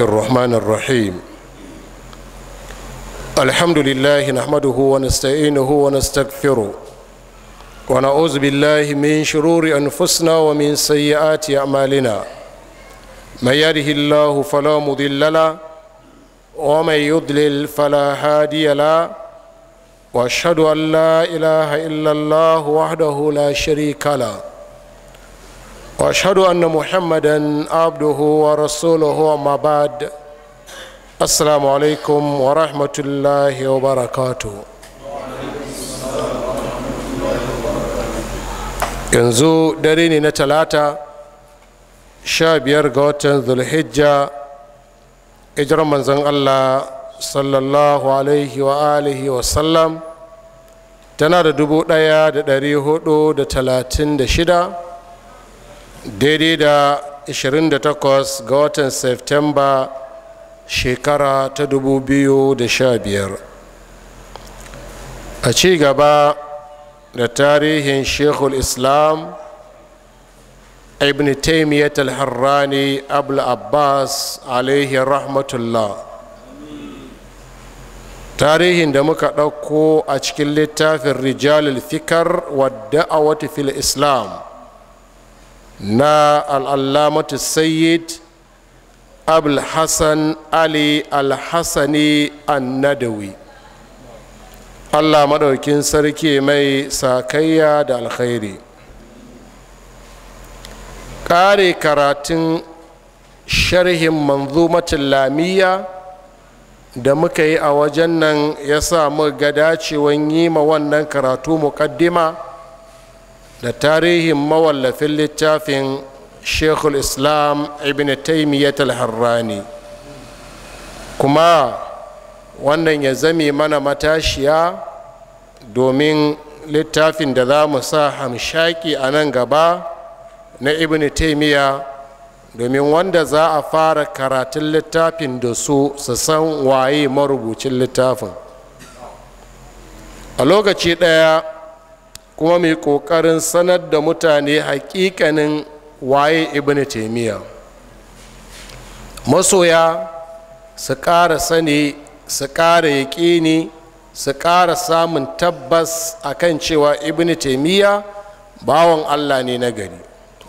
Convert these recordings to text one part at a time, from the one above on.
الرحمن الرحيم الحمد لله نحمده ونستعينه ونستغفره ونعوذ بالله من شرور أنفسنا ومن سيئات أعمالنا من يهده الله فلا مضل له ومن يضلل فلا هادي له واشهد أن لا إله إلا الله وحده لا شريك له واشهد ان محمدا عبده ورسوله اما بعد السلام عليكم ورحمه الله وبركاته yanzu dare ne na talata sha biyar ga watan zulhijja ijiran manzon allah sallallahu alaihi wa alihi wa sallam tana da dubu daya da dari hudu da talatin da shida daidai da 28 ga watan septemba shekara ta 2015 a ci gaba da tarihin shekul islam ibn taimiyyat al-harrani abul abbas alaihi rahmatullah tarihin da muka ɗauko a cikin littafin rijalul fikar wadda a fil islam na al'allamatu sayyid abulhassan ali alhassani annadawi allah maɗaukin sarki mai sakayya da alkhairi ƙare karatun sharhin manzumatin lamiya da muka yi a wajen nan ya samu ga dacewan yi ma wannan karatu muƙaddima da tarihin mawallafin littafin shekul islam ibn taimiyyat harrani kuma wannan ya zame mana matashiya domin littafin da za mu sa hamshaki a nan gaba na ibn taimiyya domin wanda za a fara karatun littafin da su su san waye marubucin littafin a lokaci ɗaya kuma mai ƙoƙarin sanar da mutane hakikanin waye ibn taimiyya masoya su ƙara sani su ƙara yaƙini su ƙara samun tabbas akan cewa ibn taimiyya bawan allah ne na gari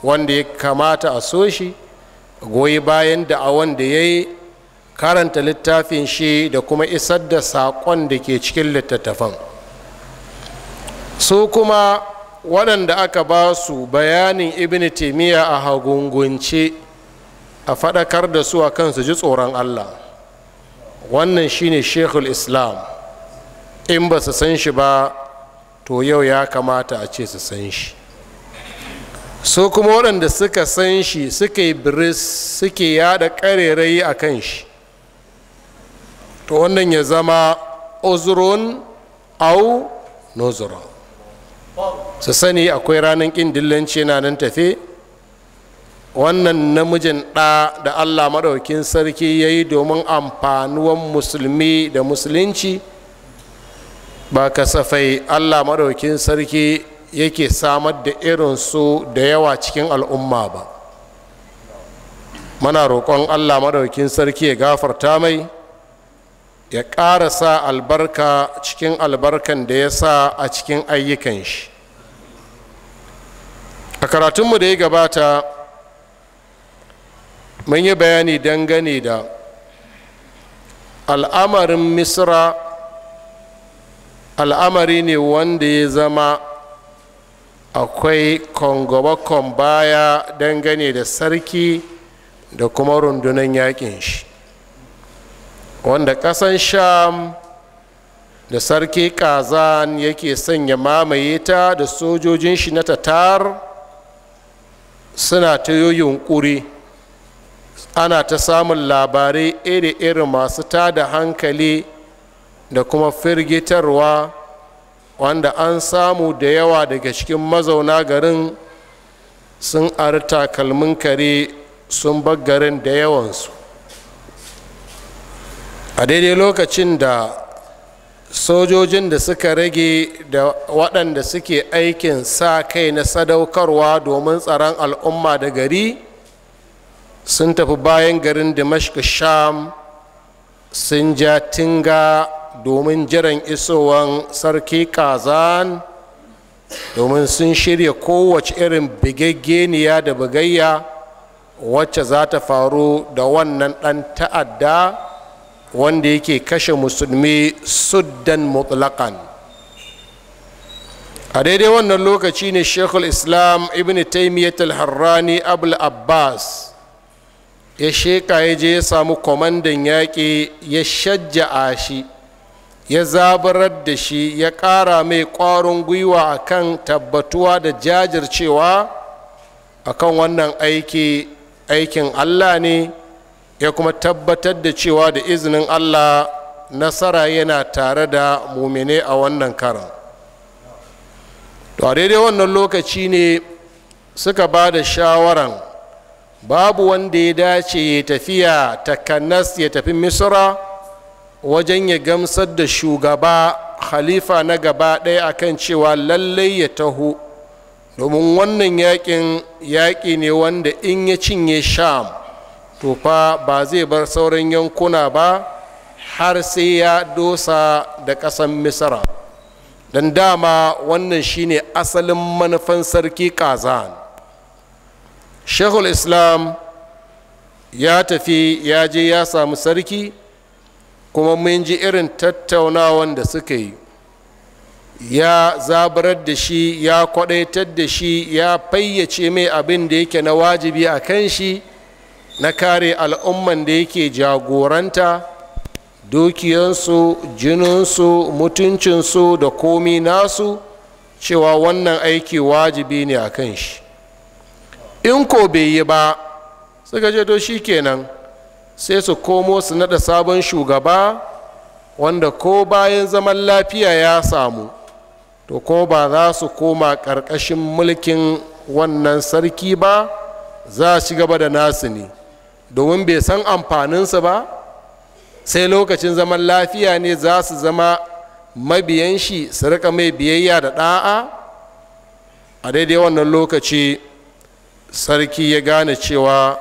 wanda ya kamata a so shi goyi bayan da a wanda ya yi karanta littafin shi da kuma isar da saƙon da ke cikin littattafan su kuma waɗanda aka ba su bayanin ibn taimiyya a hagungunce a faɗakar da su a kansu ji tsoron allah wannan shine shekul islam in ba su san shi ba to yau ya kamata a ce su san shi su kuma waɗanda suka san shi suka yi biris suke yada ƙarerai a kan shi to wannan ya zama uzurun au nuzura su sani akwai ranar ƙin dillanci na nan tafe wannan namijin ɗa da allah maɗaukin sarki ya yi domin amfanuwan musulmi da musulunci ba kasafai allah maɗaukin sarki yake samar da irinsu da yawa cikin al'umma ba mana roƙon allah maɗaukin sarki ya gafarta mai ya ƙara sa albarka cikin albarkan da ya sa a cikin ayyukan shi a karatunmu da ya gabata mun yi bayani dangane da al'amarin misra al'amari ne wanda ya zama akwai kongobakon baya dangane da sarki da kuma rundunar yakin shi wanda ƙasan sham da sarki kazan yake sanya mamaye ta da sojojin shi na tatar suna ta yunƙuri ana ta samun labarai iri-iri masu ta da hankali da kuma firgitarwa wanda an samu da yawa daga cikin mazauna garin sun ari takalmin kare sun bar garin da yawansu a daidai lokacin da sojojin da suka rage da waɗanda suke aikin sa kai na sadaukarwa domin tsaron al'umma da gari sun tafi bayan garin dimashq sham sun ja tinga domin jiran isowan sarki kazan domin sun shirya kowace irin bigaggeniya da bugayya wacce za ta faru da wannan ɗan ta'adda wanda yake kashe musulmi suddan mutlaqan a daidai wannan lokaci ne shekul islam ibn taimiyyat al-harrani abul abbas ya sheka ya je ya samu kwamandan yaƙi ya shajja'a shi ya zabarar da shi ya ƙara mai ƙwarin gwiwa akan tabbatuwa da jajircewa akan wannan aiki aikin allah ne ya kuma tabbatar da cewa da izinin allah nasara yana tare da mumine a wannan karan to a daidai wannan lokaci ne suka ba da shawaran babu wanda ya dace ya tafiya takanas ya tafi misra wajen ya gamsar da shugaba khalifa na gaba ɗaya akan cewa lallai ya taho domin wannan yakin yaƙi ne wanda in ya cinye sham to fa ba zai bar sauran yankuna ba har sai ya dosa da ƙasan misra don dama wannan shine asalin manufan sarki kazan shekul islam ya tafi ya je ya samu sarki kuma mun ji irin tattaunawan da suka yi ya zabarar da shi ya kwadaitar da shi ya fayyace mai abin da yake na wajibi a kan shi na kare al'umman da yake jagoranta dukiyansu jininsu mutuncinsu da komi nasu cewa wannan aiki wajibi ne a kan shi in ko bai yi ba suka je to shi kenan sai su komo su nada sabon shugaba wanda ko bayan zaman lafiya ya samu to ko ba za su koma ƙarƙashin mulkin wannan sarki ba za a ci gaba da nasu ne domin bai san amfaninsu ba sai lokacin zaman lafiya ne za su zama mabiyan shi su rika mai biyayya da ɗa'a a daidai wannan lokaci sarki ya gane cewa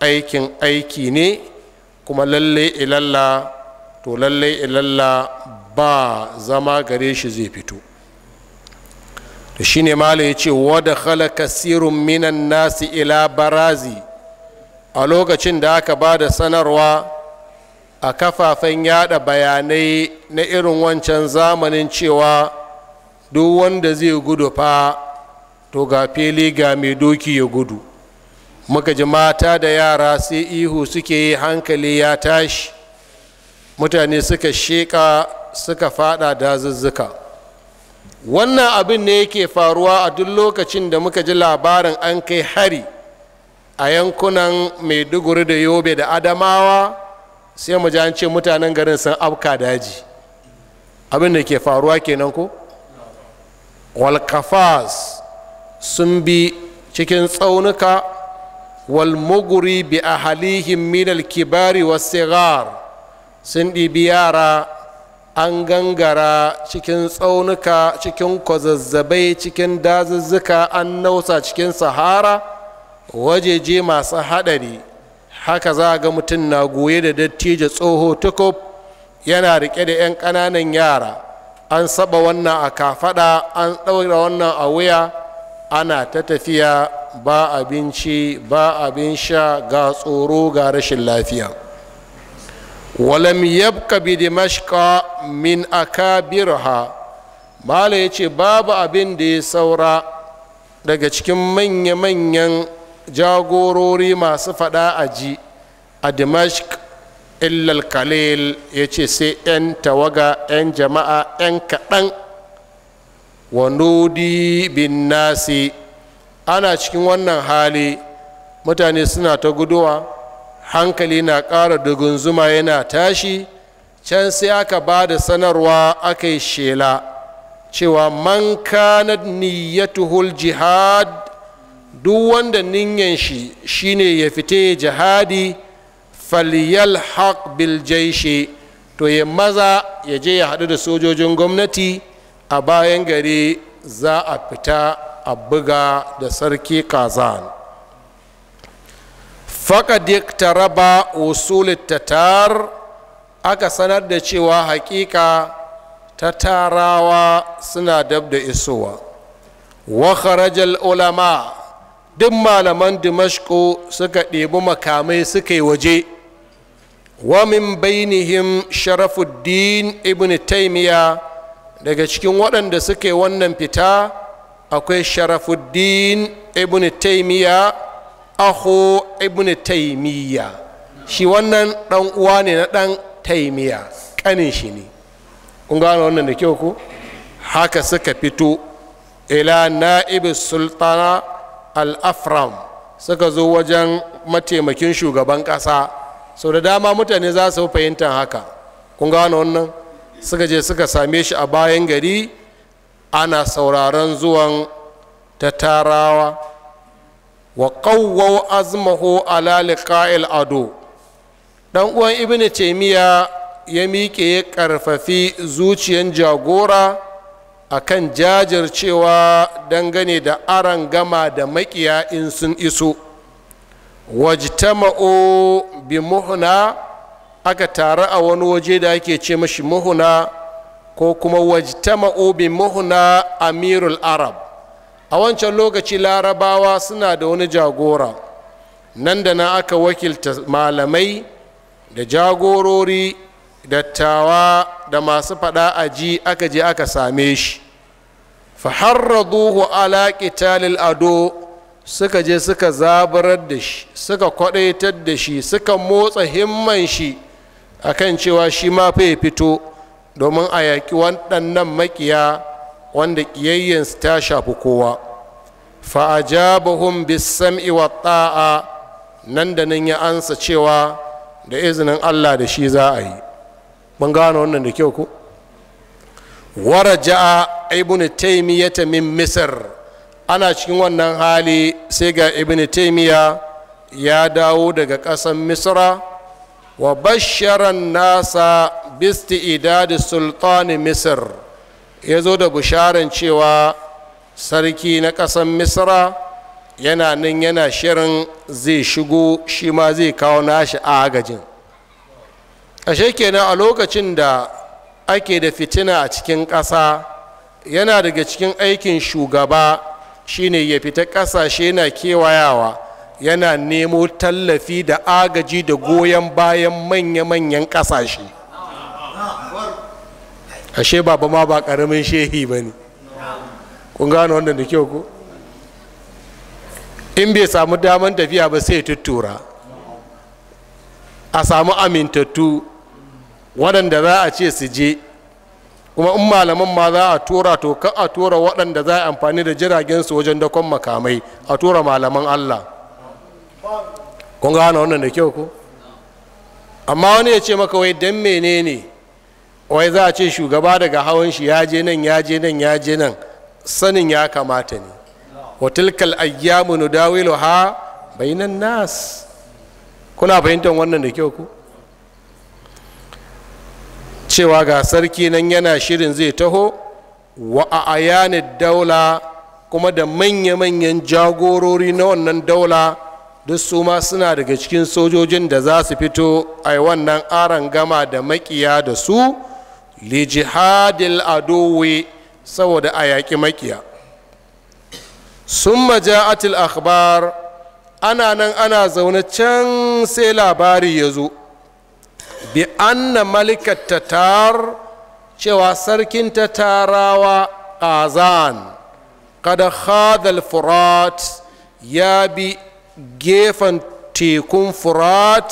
aikin aiki ne kuma lalle ilalla to lalle ilalla ba zama gare shi zai fito da shi ne malo ya ce wadda khala kasirun minan nasi ila barazi a lokacin da aka ba da sanarwa a kafafen yada bayanai na irin wancan zamanin cewa duk wanda zai gudu fa to ga fili ga mai doki ya gudu muka ji mata da yara sai ihu suke yi hankali ya tashi mutane suka sheka suka fada dazuzzuka wannan abin ne yake faruwa a duk lokacin da muka ji labarin an kai hari a yankunan maiduguri da yobe da adamawa sai mu ji an ce mutanen garin sun afka daji abinda ke faruwa kenan ko walkafas sun bi cikin tsaunuka walmuguri bi halihin minal kibari sigar sun ɗibi yara an gangara cikin tsaunuka cikin kwazazzabai cikin dazuzzuka an nausa cikin sahara wajeje masu haɗari haka za ga mutum na goye da dattijo tsoho tukub yana riƙe da 'yan ƙananan yara an saba wannan a kafaɗa an ɗaura wannan a wuya ana ta tafiya ba abinci ba abin sha ga tsoro ga rashin lafiya walam yabka bi dimashqa min akabirha mala yace babu abin da ya saura daga cikin manya-manyan jagorori masu fada a ji a dimashq illal khalil ya ce sai 'yan tawaga 'yan jama'a 'yan kaɗan wanudi bin nasi ana cikin wannan hali mutane suna ta guduwa hankali na ƙara dugun zuma yana tashi can sai aka ba da sanarwa aka yi shela cewa man kanat niyyatuhul jihad duk wanda ninyan shi shine ya fite jihadi haq bil jaishi to ya maza ya je ya haɗu da sojojin gwamnati a bayan gari za a fita a buga da sarki kazan faƙadik ta raba tatar aka sanar da cewa hakika tarawa suna dabda da isowa wa ulama duk malaman dimashko suka ɗebi makamai suka yi waje wamin bainihim sharafuddin ibn taimiya daga cikin waɗanda suka wannan fita akwai sharafuddin ibn taimiya aho ibn taimiya shi wannan ɗan uwa ne na ɗan taimiya ƙanin shi ne kun gano wannan da kyau ku haka suka fito ila na'ib sultana al-afram suka zo wajen mataimakin shugaban ƙasa sau da dama mutane za su fahimtar haka kun gano wannan suka je suka same shi a bayan gari ana sauraron zuwan tattarawa wa qawwaw azmahu ala liqa'il ado dan uwan ibnu taymiya ya miƙe ya karfafi zuciyan jagora akan jajircewa dangane da aron gama da makiya in sun iso wajtama'u bi muhna aka tare a wani waje da ake ce mashi muhuna ko kuma wajtama'u bi muhna amirul arab a wancan lokaci larabawa suna da wani jagora nan da na aka wakilta malamai da jagorori dattawa da masu faɗa a ji aka je aka same shi faharraduhu ala qitalil ado suka je suka zaburar da shi suka kwadaitar da shi suka motsa himman shi akan cewa shi ma fa ya fito domin a yaƙi waɗannan makiya wanda ƙiyayyansu ta shafi kowa fa'ajabahum bisam'i wa ta'a nan da nan ya ansa cewa da izinin Allah da shi za a yi mun gano wannan da kyau ko waraja'a ibn taymiyata min misr ana cikin wannan hali sai ga ibn taymiya ya dawo daga ƙasan misra wa basharan nasa bisti idadi sultani misr ya zo da bisharan cewa sarki na ƙasan misra yana nan yana shirin zai shigo shi ma zai kawo nashi a agajin ashe kenan a lokacin da ake da fitina a cikin ƙasa yana daga cikin aikin shugaba shine ya fita ƙasashe na kewayawa yana nemo tallafi da agaji da goyon bayan manya-manyan ƙasashe ashe baba ma ba ƙaramin shehi ba ne kun gano da kyau ko in bai samu damar tafiya ba sai tuttura a samu amintattu waɗanda za a ce su je kuma in malaman ma za a tura to ka a tura waɗanda za a amfani da jiragen su wajen dakon makamai a tura malaman allah kun gane wannan da kyau ko amma wani ya ce maka wai dan menene wai za a ce shugaba daga hawan shi ya je nan ya je nan ya je nan sanin ya kamata ne wa tilkal ayyamu ha bainan nas kuna fahimtar wannan da kyau ku cewa ga sarki nan yana shirin zai taho wa a ayanin daula kuma da manya-manyan jagorori na wannan daula duk su ma suna daga cikin sojojin da za su fito a yi wannan aron gama da makiya da su lijihadil jihadil adowe saboda a yaƙi makiya sun maja'atil akhbar ana nan ana zaune can sai labari ya zo bi anna malikat tatar cewa sarkin tatarawa azan kada khadal furat ya bi gefen tekun furat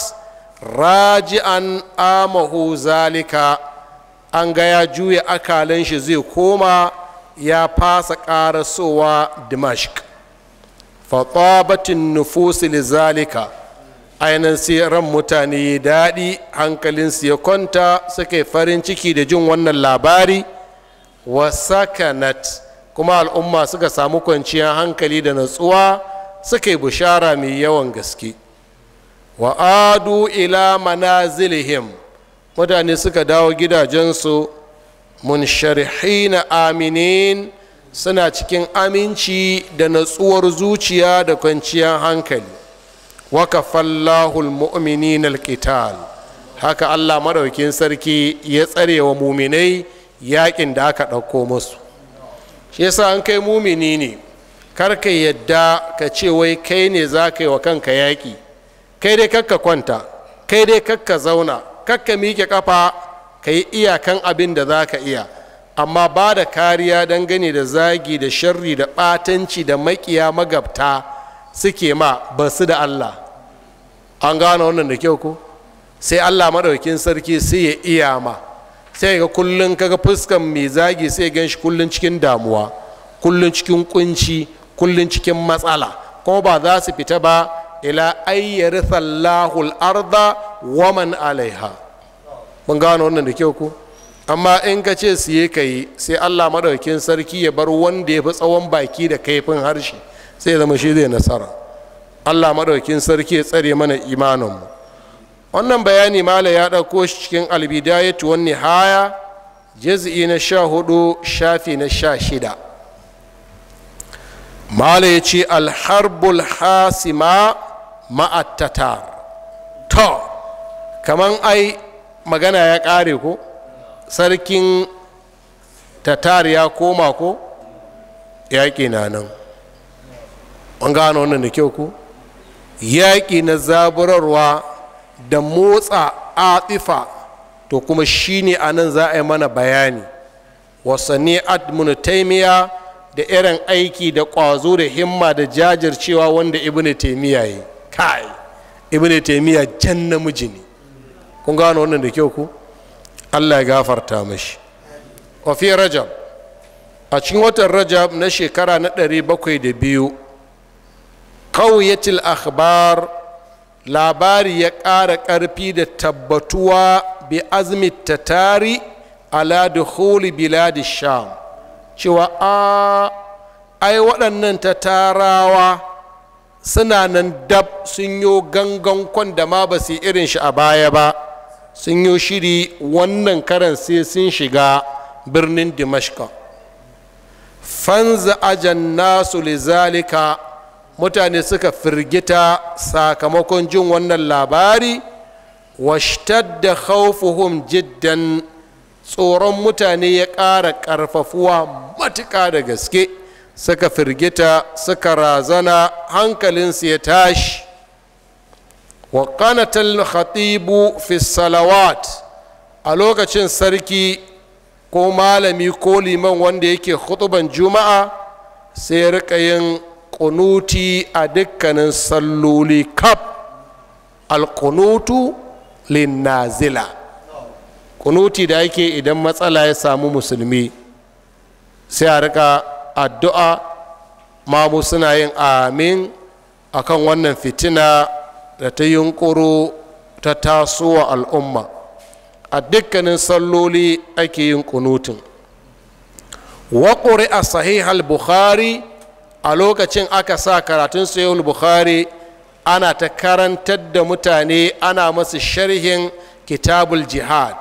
raji'an amahu zalika an ga ya juya akalin shi zai koma ya fasa ƙarasowa dimashik fatabatin nufusi zalika ainihin sai ran mutane ya daɗi hankalinsu ya kwanta suka farin ciki da jin wannan labari wa sakanat kuma al'umma suka samu kwanciyar hankali da natsuwa suka yi mai yawan gaske wa adu ila manazilihim mutane suka dawo gidajensu na aminin suna cikin aminci da natsuwar zuciya da kwanciyar hankali wakafallahul mumini almu'minina haka Allah maɗaukin sarki ya tsare wa muminai yakin da aka ɗauko musu shi yasa an kai mumini ne kar ka yadda ka ce wai kai ne za ka yi wa kanka yaƙi kai dai kakka kwanta kai dai kakka zauna kakka miƙe ƙafa ka yi iyakan abin da za ka iya amma ba da kariya dangane da zagi da sharri da ɓatanci da maƙiya magabta suke ma ba su da allah an gane wannan da kyau ko sai allah maɗaukin sarki sai ya iya ma sai ga kullun kaga fuskan mai zagi sai gan shi kullun cikin damuwa kullun cikin kunci kullun cikin matsala ko ba za su fita ba ila ayyari sallahul arda man alaiha mun gano wannan da kyau ko amma in ka ce su ka yi sai allah maɗaukin sarki ya bar wanda ya fi tsawon baki da kaifin harshe sai zama shi zai nasara allah maɗaukin sarki ya tsare mana imaninmu wannan bayani mala ya ɗauko shi cikin albidayatu wani haya jaz'i na sha hudu shafi na sha shida mala ya ce alharbul hasima ma'attatar to kaman ai magana ya ƙare ko sarkin tatar ya koma ko yaƙi na nan an gano wannan da kyau ku yaƙi na zaburarwa da motsa atifa to kuma shine a nan za a yi mana bayani wasanni admin taimiya da irin aiki da ƙwazo da himma da jajircewa wanda ibn taimiya yi kai ibn taimiya jan namiji ne kun gano wannan da kyau ku allah ya gafarta mashi wafi rajab a cikin watan rajab na shekara na 702 ƙauyatil akhbar labari ya ƙara ƙarfi da tabbatuwa bi ta tari ala dukhuli biladi sham cewa a ai waɗannan tatarawa suna nan dab sun yo gangan kwan da ma ba su irin shi a baya ba sun yo shiri wannan karan sai sun shiga birnin dimashka fanza ajan nasu lizalika mutane suka firgita sakamakon jin wannan labari da khawfuhum jiddan tsoron mutane ya ƙara ƙarfafuwa matuƙa da gaske suka firgita suka razana hankalinsu ya tashi wa qanatal khatibu fi salawat a lokacin sarki ko malami ko liman wanda yake hutuban juma'a sai rika yin kunuti a dukkanin salloli kaf alkunutu linnazila kunuti da yake idan matsala ya samu musulmi sai a rika addu'a mamu suna yin amin akan wannan fitina da ta yunkuro ta tasowa al'umma a dukkanin salloli ake yin kunutin wa a sahih al-bukhari a lokacin aka sa karatun sayyul bukhari ana ta karantar da mutane ana masu sharhin kitabul jihad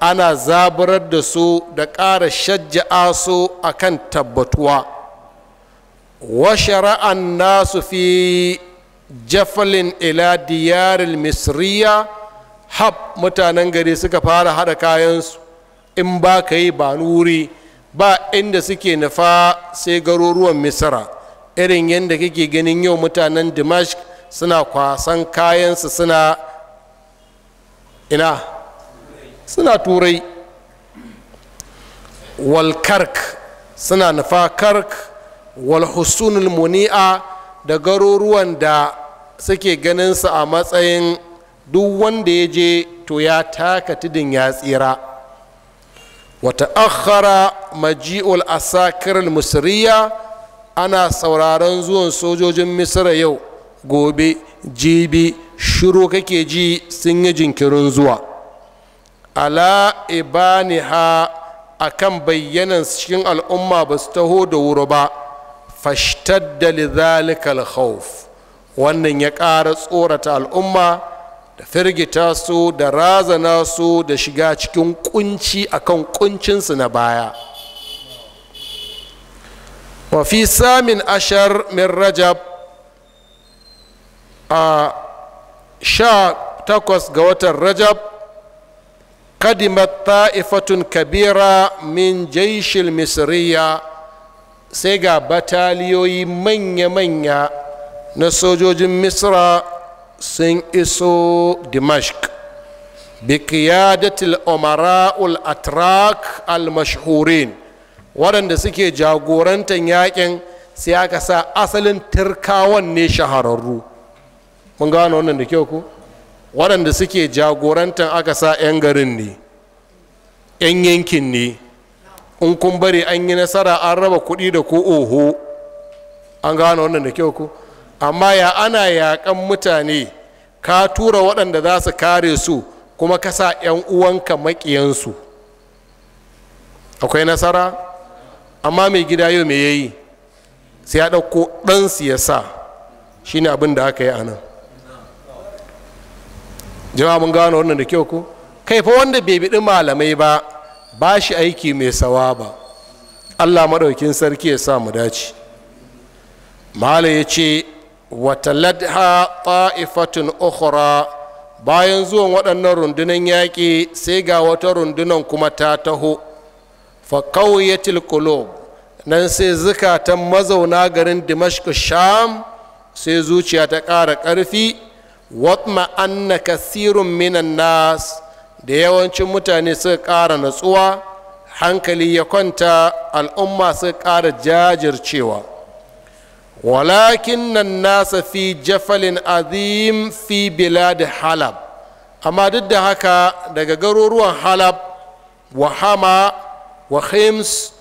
ana zaburar da su da ƙara shajja'a su a kan tabbatuwa wa shara'an nasu fi jafalin ila diyarin misriya hab mutanen gari suka fara haɗa kayansu in ba ka yi ba nuri ba inda suke nufa sai garuruwan misra irin yadda kake ganin yau mutanen dimash suna kwasan kayansu suna ina suna turai walkark suna nufa kark walhussunul muni'a da garuruwan da suke ganinsu a matsayin duk wanda ya je to ya taka tudun ya tsira wata akhara maji'ul asakir misriya ana sauraron zuwan sojojin misra yau gobe jibi shiru kake ji sun yi jinkirin zuwa ala ibaniha a kan bayyanan cikin al'umma ba su taho da wuri ba fashtadda lizalikal al wannan ya ƙara tsorata al'umma da firgita su da razana su da shiga cikin kunci akan kuncinsu na baya wa fi samin ashar min rajab a sha takwas ga watan rajab kadimat ta'ifatun kabira min jaishil misriya sai ga bataliyoyi manya-manya na sojojin misra sun iso dimashq bikiyadatil umara'ul atrak al-mashhurin waɗanda suke jagorantar yakin sai aka sa asalin turkawan ne shahararru mun gano wannan da kyau ko waɗanda suke jagorantar aka sa 'yan garin ne 'yan yankin ne in kun bari an yi nasara an raba kuɗi da ku oho an gano wannan da kyau ko amma ya ana yaƙan mutane ka tura waɗanda za su kare su kuma ka sa 'yan uwanka maƙiyansu akwai nasara amma mai gida yau me yayi sai ya ɗauko ɗansu ya sa shi ne abin da aka yi a nan jama'a mun gano wannan da kyau ko kai fa wanda bai biɗi malamai ba ba shi aiki mai sawa ba allah maɗaukin sarki ya sa mu dace malam ya ce wataladha ta'ifatun ukhra bayan zuwan waɗannan rundunan yaƙi sai ga wata rundunan kuma ta taho fa qawyatil qulub nan sai zukatan mazauna garin dimashq sham sai zuciya ta ƙara ƙarfi watma anna kasirun minan nas da yawancin mutane suka ƙara natsuwa hankali ya kwanta al'umma suka ƙara jajircewa walakin nan nasa fi jafalin azim fi da halab amma duk da haka daga garuruwan halab wa hama wa hims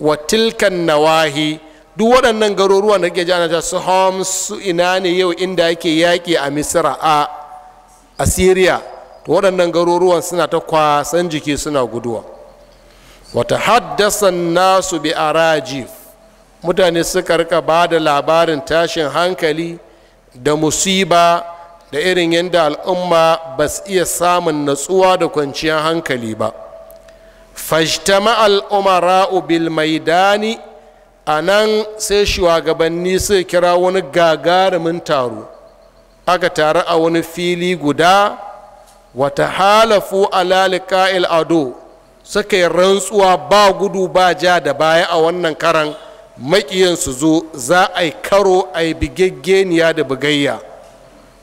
wa tilkan nawahi duk waɗannan garuruwan da ke ji ana su homs su ina ne yau inda yake yaƙi a misira a asiriya to waɗannan garuruwan suna ta kwasan jiki suna guduwa wata haddasa nasu bi arajif mutane suka rika ba da labarin tashin hankali da musiba da irin yadda al'umma ba su iya samun natsuwa da kwanciyar hankali ba fashtama al'umara'u bil maidani a nan sai shugabanni sai kira wani gagarumin taro aka taru a wani fili guda wata halafu alalika ado suka yi rantsuwa ba gudu ba ja da baya a wannan karan maƙiyan su zo za a yi karo a yi bigaggeniya da bugayya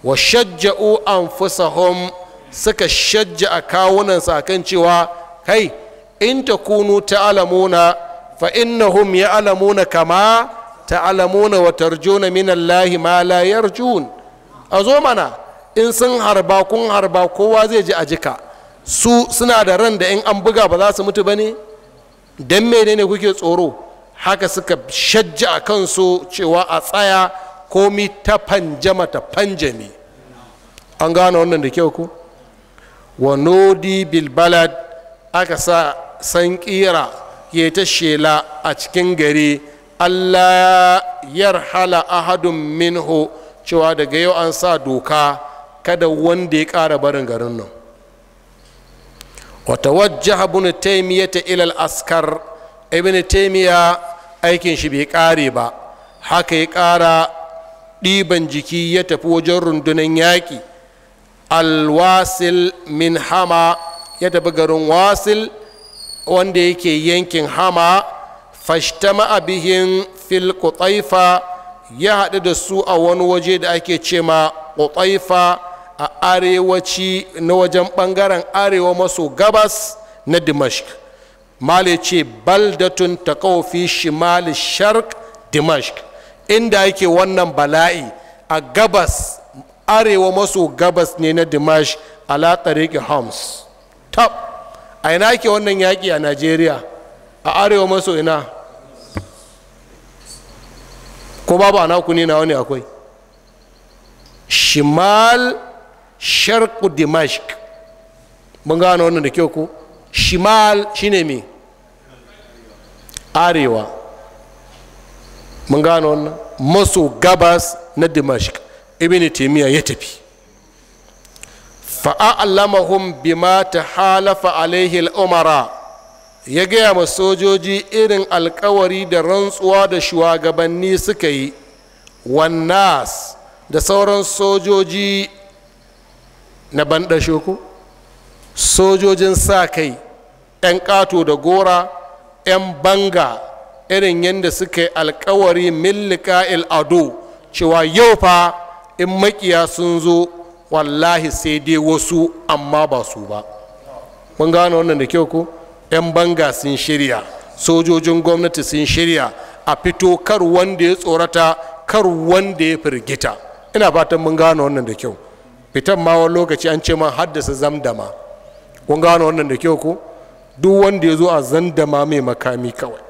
wa shajja'u fusahom suka shajja a kawunansa kan cewa kai in ta kunu ta alamuna, fa innahum alamuna kama ta alamuna wa tarjuna min lahi ma la yarjun a zo mana in sun harba kun harba kowa zai ji a jika su suna da ran da in an buga ba za su mutu bane dan menene kuke tsoro haka suka shajja a kansu cewa a tsaya komi ta fanjama ta fanjami an gane wannan da kyau ku wa nodi bilbalad aka sa san kira ya ta shela a cikin gari allah yarhala ahadun minhu cewa daga yau an sa doka kada wanda ya ƙara barin garin nan wata abu na taimiyata ilal askar ibn taimiya aikin shi bai kare ba haka ya kara ɗiban jiki ya tafi wajen rundunan yaƙi alwasil min hama ya tafi garin wasil wanda yake yankin hama fashta ma'abihin fil kutaifa ya haɗu da su a wani waje da ake ce ma kutaifa a arewaci na wajen ɓangaren arewa maso gabas na dimashq mala ce baldatun ta fi shimali shark dimashk inda yake wannan bala'i a gabas arewa maso gabas ne na dimash ala tariki homs top a ina yake wannan yaƙi a nigeria a arewa maso ina ko babu a naku na wani akwai shimal sharku dimashk mun gano wannan da kyau ko shimal shine me arewa mun gano wannan maso gabas na dimashik ibn taimiyya ya tafi fa'a'allamahum bima ta halafa alaihi al'umara ya gaya ma sojoji irin alkawari da rantsuwa da shugabanni suka yi wannas da sauran sojoji na banɗashe ku. sojojin sa kai 'yan ƙato da gora 'yan banga irin yadda suka yi alkawari millika ado cewa yau fa in makiya sun zo wallahi sai dai wasu amma ba su ba mun gano wannan da kyau ko 'yan banga sun shirya sojojin gwamnati sun shirya a fito kar wanda ya tsorata kar wanda ya firgita ina fatan mun gano wannan da kyau fitan ma wani lokaci an ce man haddasa zamdama kun gano wannan da kyau ko duk wanda ya zo a zandama mai makami kawai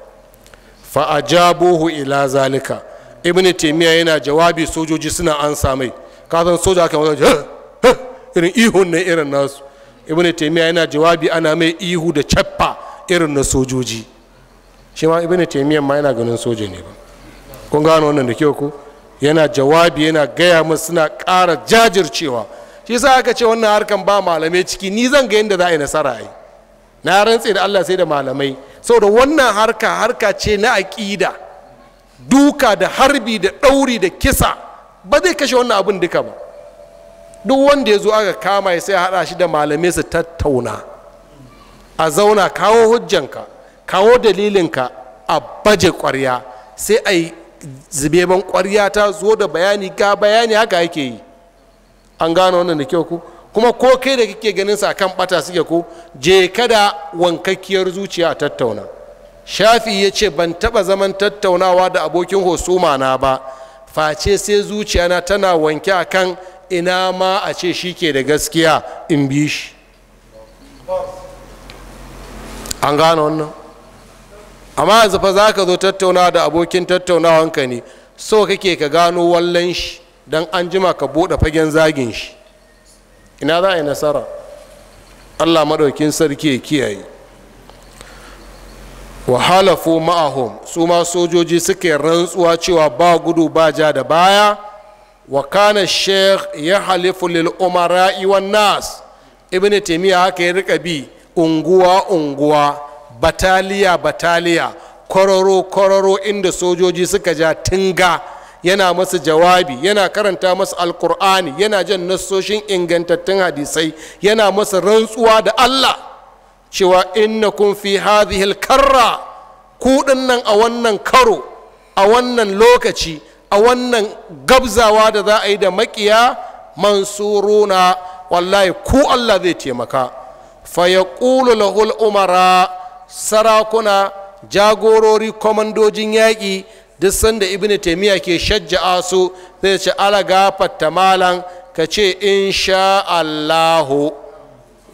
fa ajabuhu ila zalika ibn taimiya yana jawabi sojoji suna ansa mai kasan soja aka masa irin ihun ne irin nasu ibn taimiya yana jawabi ana mai ihu da cappa irin na sojoji shi ma ibn taimiya ma yana ganin soja ne ba kun gano wannan da kyau ko yana jawabi yana gaya masu suna ƙara jajircewa shi yasa aka ce wannan harkan ba malamai ciki ni zan ga yadda za a yi nasara ai na rantse da Allah sai da malamai saboda wannan harka harka ce na aƙida duka da harbi da ɗauri da kisa ba zai kashe wannan abin duka ba duk wanda ya zo aka kama ya sai haɗa shi da malamai su tattauna a zauna kawo hujjanka kawo dalilinka a baje ƙwarya sai a yi zubeban ƙwarya ta zo da bayani ga bayani haka yake yi an gane wannan da kyau ku kuma ko kai da kake ganin sa kan bata suke ko je kada wankakkiyar zuciya a tattauna shafi ya ce ban taba zaman tattaunawa da abokin hosuma na ba face sai zuciya na tana wanke a kan ina ma a ce shi ke da gaskiya in bi shi an gane wannan amma yanzu fa za ka zo tattaunawa da abokin tattaunawanka ne so kake ka gano wallan shi don an jima ka buɗe fagen zagin shi ina za a yi nasara allah maɗaukin sarki ya kiyaye wa halafu ma'ahum su ma sojoji suke rantsuwa cewa ba gudu ba ja da baya wa kana sheikh ya halifu lil umara iwan nas ibn haka ya rika bi unguwa unguwa bataliya bataliya kororo kororo inda sojoji suka ja tinga yana masa jawabi yana karanta masa alkur'ani yana jan nassoshin ingantattun hadisai yana masa rantsuwa da allah cewa innakum fi hadhihi karra ku nan a wannan karo a wannan lokaci a wannan gabzawa da za a yi da makiya mansuruna wallahi ku allah zai taimaka fa lahul umara sarakuna jagorori kwamandojin yaƙi duk sanda ibnu taimiyya ke shajja'a su zai ce ala gafatta malan ka ce insha allahu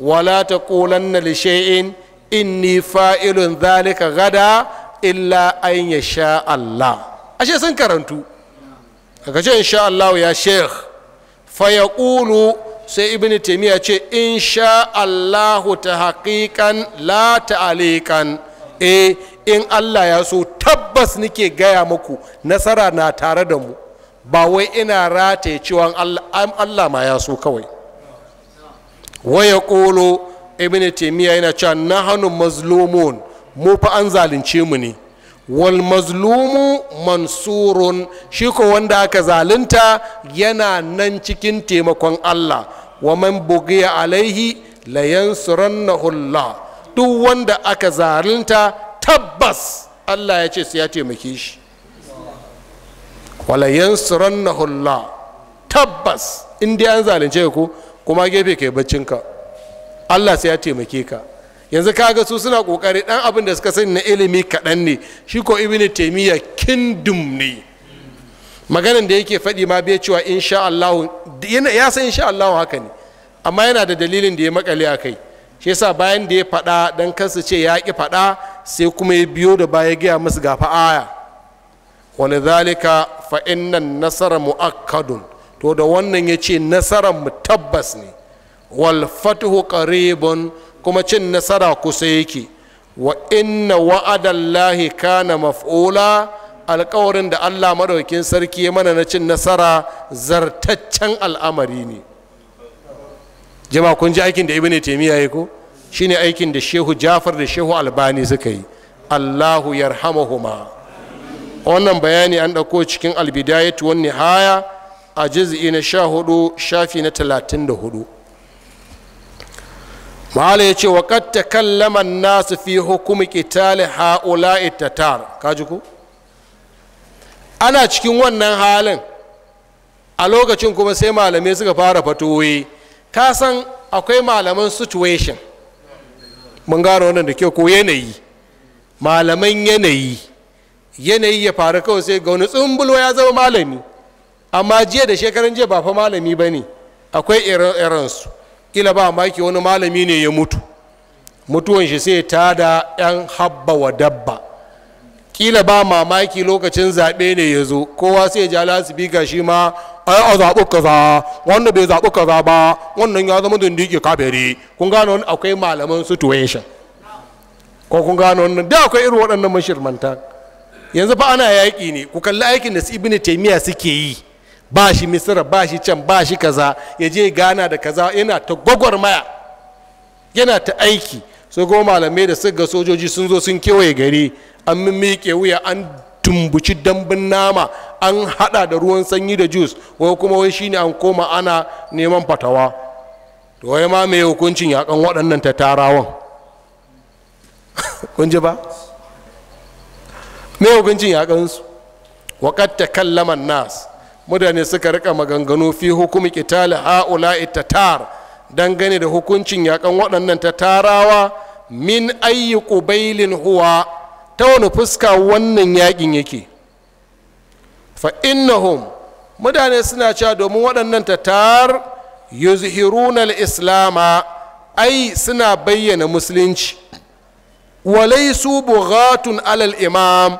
wala ta ƙulanna li shay'in inni fa'ilun zalika gada illa an ya sha allah ashe sun karantu ka ce insha allahu ya sheikh fa ya sai ibn taimiyya ce in sha allahu ta haƙiƙan la ta'alikan e eh, in allah ya so tabbas nake gaya muku nasara na tare da mu ba wai ina rataye cewa allah ma ya so kawai waya kolo ibn taimiyya yana cewa hannun mazlumun mu fa an zalunce mu ne wal mazlumu mansurun shi ko wanda aka zalunta yana nan cikin taimakon allah wa man bugiya alaihi la yansurannahu allah duk wanda aka zalunta tabbas allah ya ce sai ya taimake shi walayen hulla tabbas in dai an zalunce ku kuma gefe ka yi baccinka allah sai ya taimake ka yanzu kaga su suna kokari dan abin da suka sani na ilimi kaɗan ne shi ko ibn taimiyya kingdom ne maganan da yake faɗi ma bai cewa insha Allah ya san insha Allah haka ne amma yana da dalilin da ya makale a kai shi yasa bayan da ya faɗa dan kansa ce ya ki faɗa sai kuma ya biyo da baya gaya masu gafa aya wani zalika fa'innan nasara mu'akkadun to da wannan ya ce nasarar mu tabbas ne wal fatihu qaribun kuma cin nasara kusa yake wa inna wa'adallahi kana maf'ula alkawarin da allah maɗaukin sarki ya mana na cin nasara zartaccen al'amari ne jama kun ji aikin da ibn taymiya ya ko shine aikin da shehu jafar da shehu albani suka yi allahu yarhamahuma wannan bayani an ɗauko cikin albidayatu wan nihaya a jizi na sha hudu shafi na talatin da hudu mahala ya ce waƙad ta kallaman nasu fi hukumi kitali ha'ula'i tatar ku ana cikin wannan halin a lokacin kuma sai malamai suka fara fatoyi ka san akwai malaman situation mun gano wannan da kyau ko yanayi malaman yanayi yanayi ya faru kawai sai ga wani tsumbulo ya zama malami amma jiya da shekaran jiya ba fa malami ba ne akwai irinsu kila ba maki wani malami ne ya mutu mutuwan shi sai ta da 'yan habba wa dabba kila ba mamaki lokacin zaɓe ne ya zo kowa sai ja lasibi ga shi ma ai a zaɓi kaza wannan bai zaɓi kaza ba wannan ya zama ke kafiri kun gano wani akwai malaman situation ko kun gano wannan da akwai irin waɗannan mashirmanta yanzu fa ana yaƙi ne ku kalli aikin da ibn taymiya suke yi ba shi misira ba shi can ba shi kaza ya je gana da kaza yana ta gwagwarmaya yana ta aiki sai goma malamai da suka sojoji sun zo sun kewaye gari an mimmiƙe wuya an tumbuci dambun nama an hada da ruwan sanyi da juice wai kuma wai shine an koma ana neman fatawa to wai ma mai hukuncin kan waɗannan ta tarawan kun ji ba mai hukuncin kan su waqad takallama nas mutane suka rika maganganu fi hukumi qitali haula'i tatar dangane da hukuncin yakan waɗannan ta tarawa min ayyi qubailin huwa ta wani fuska wannan yakin yake fa innahum mutane suna cewa domin waɗannan tatar yuzhiruna islama ai suna bayyana musulunci walaisu bughatun alal imam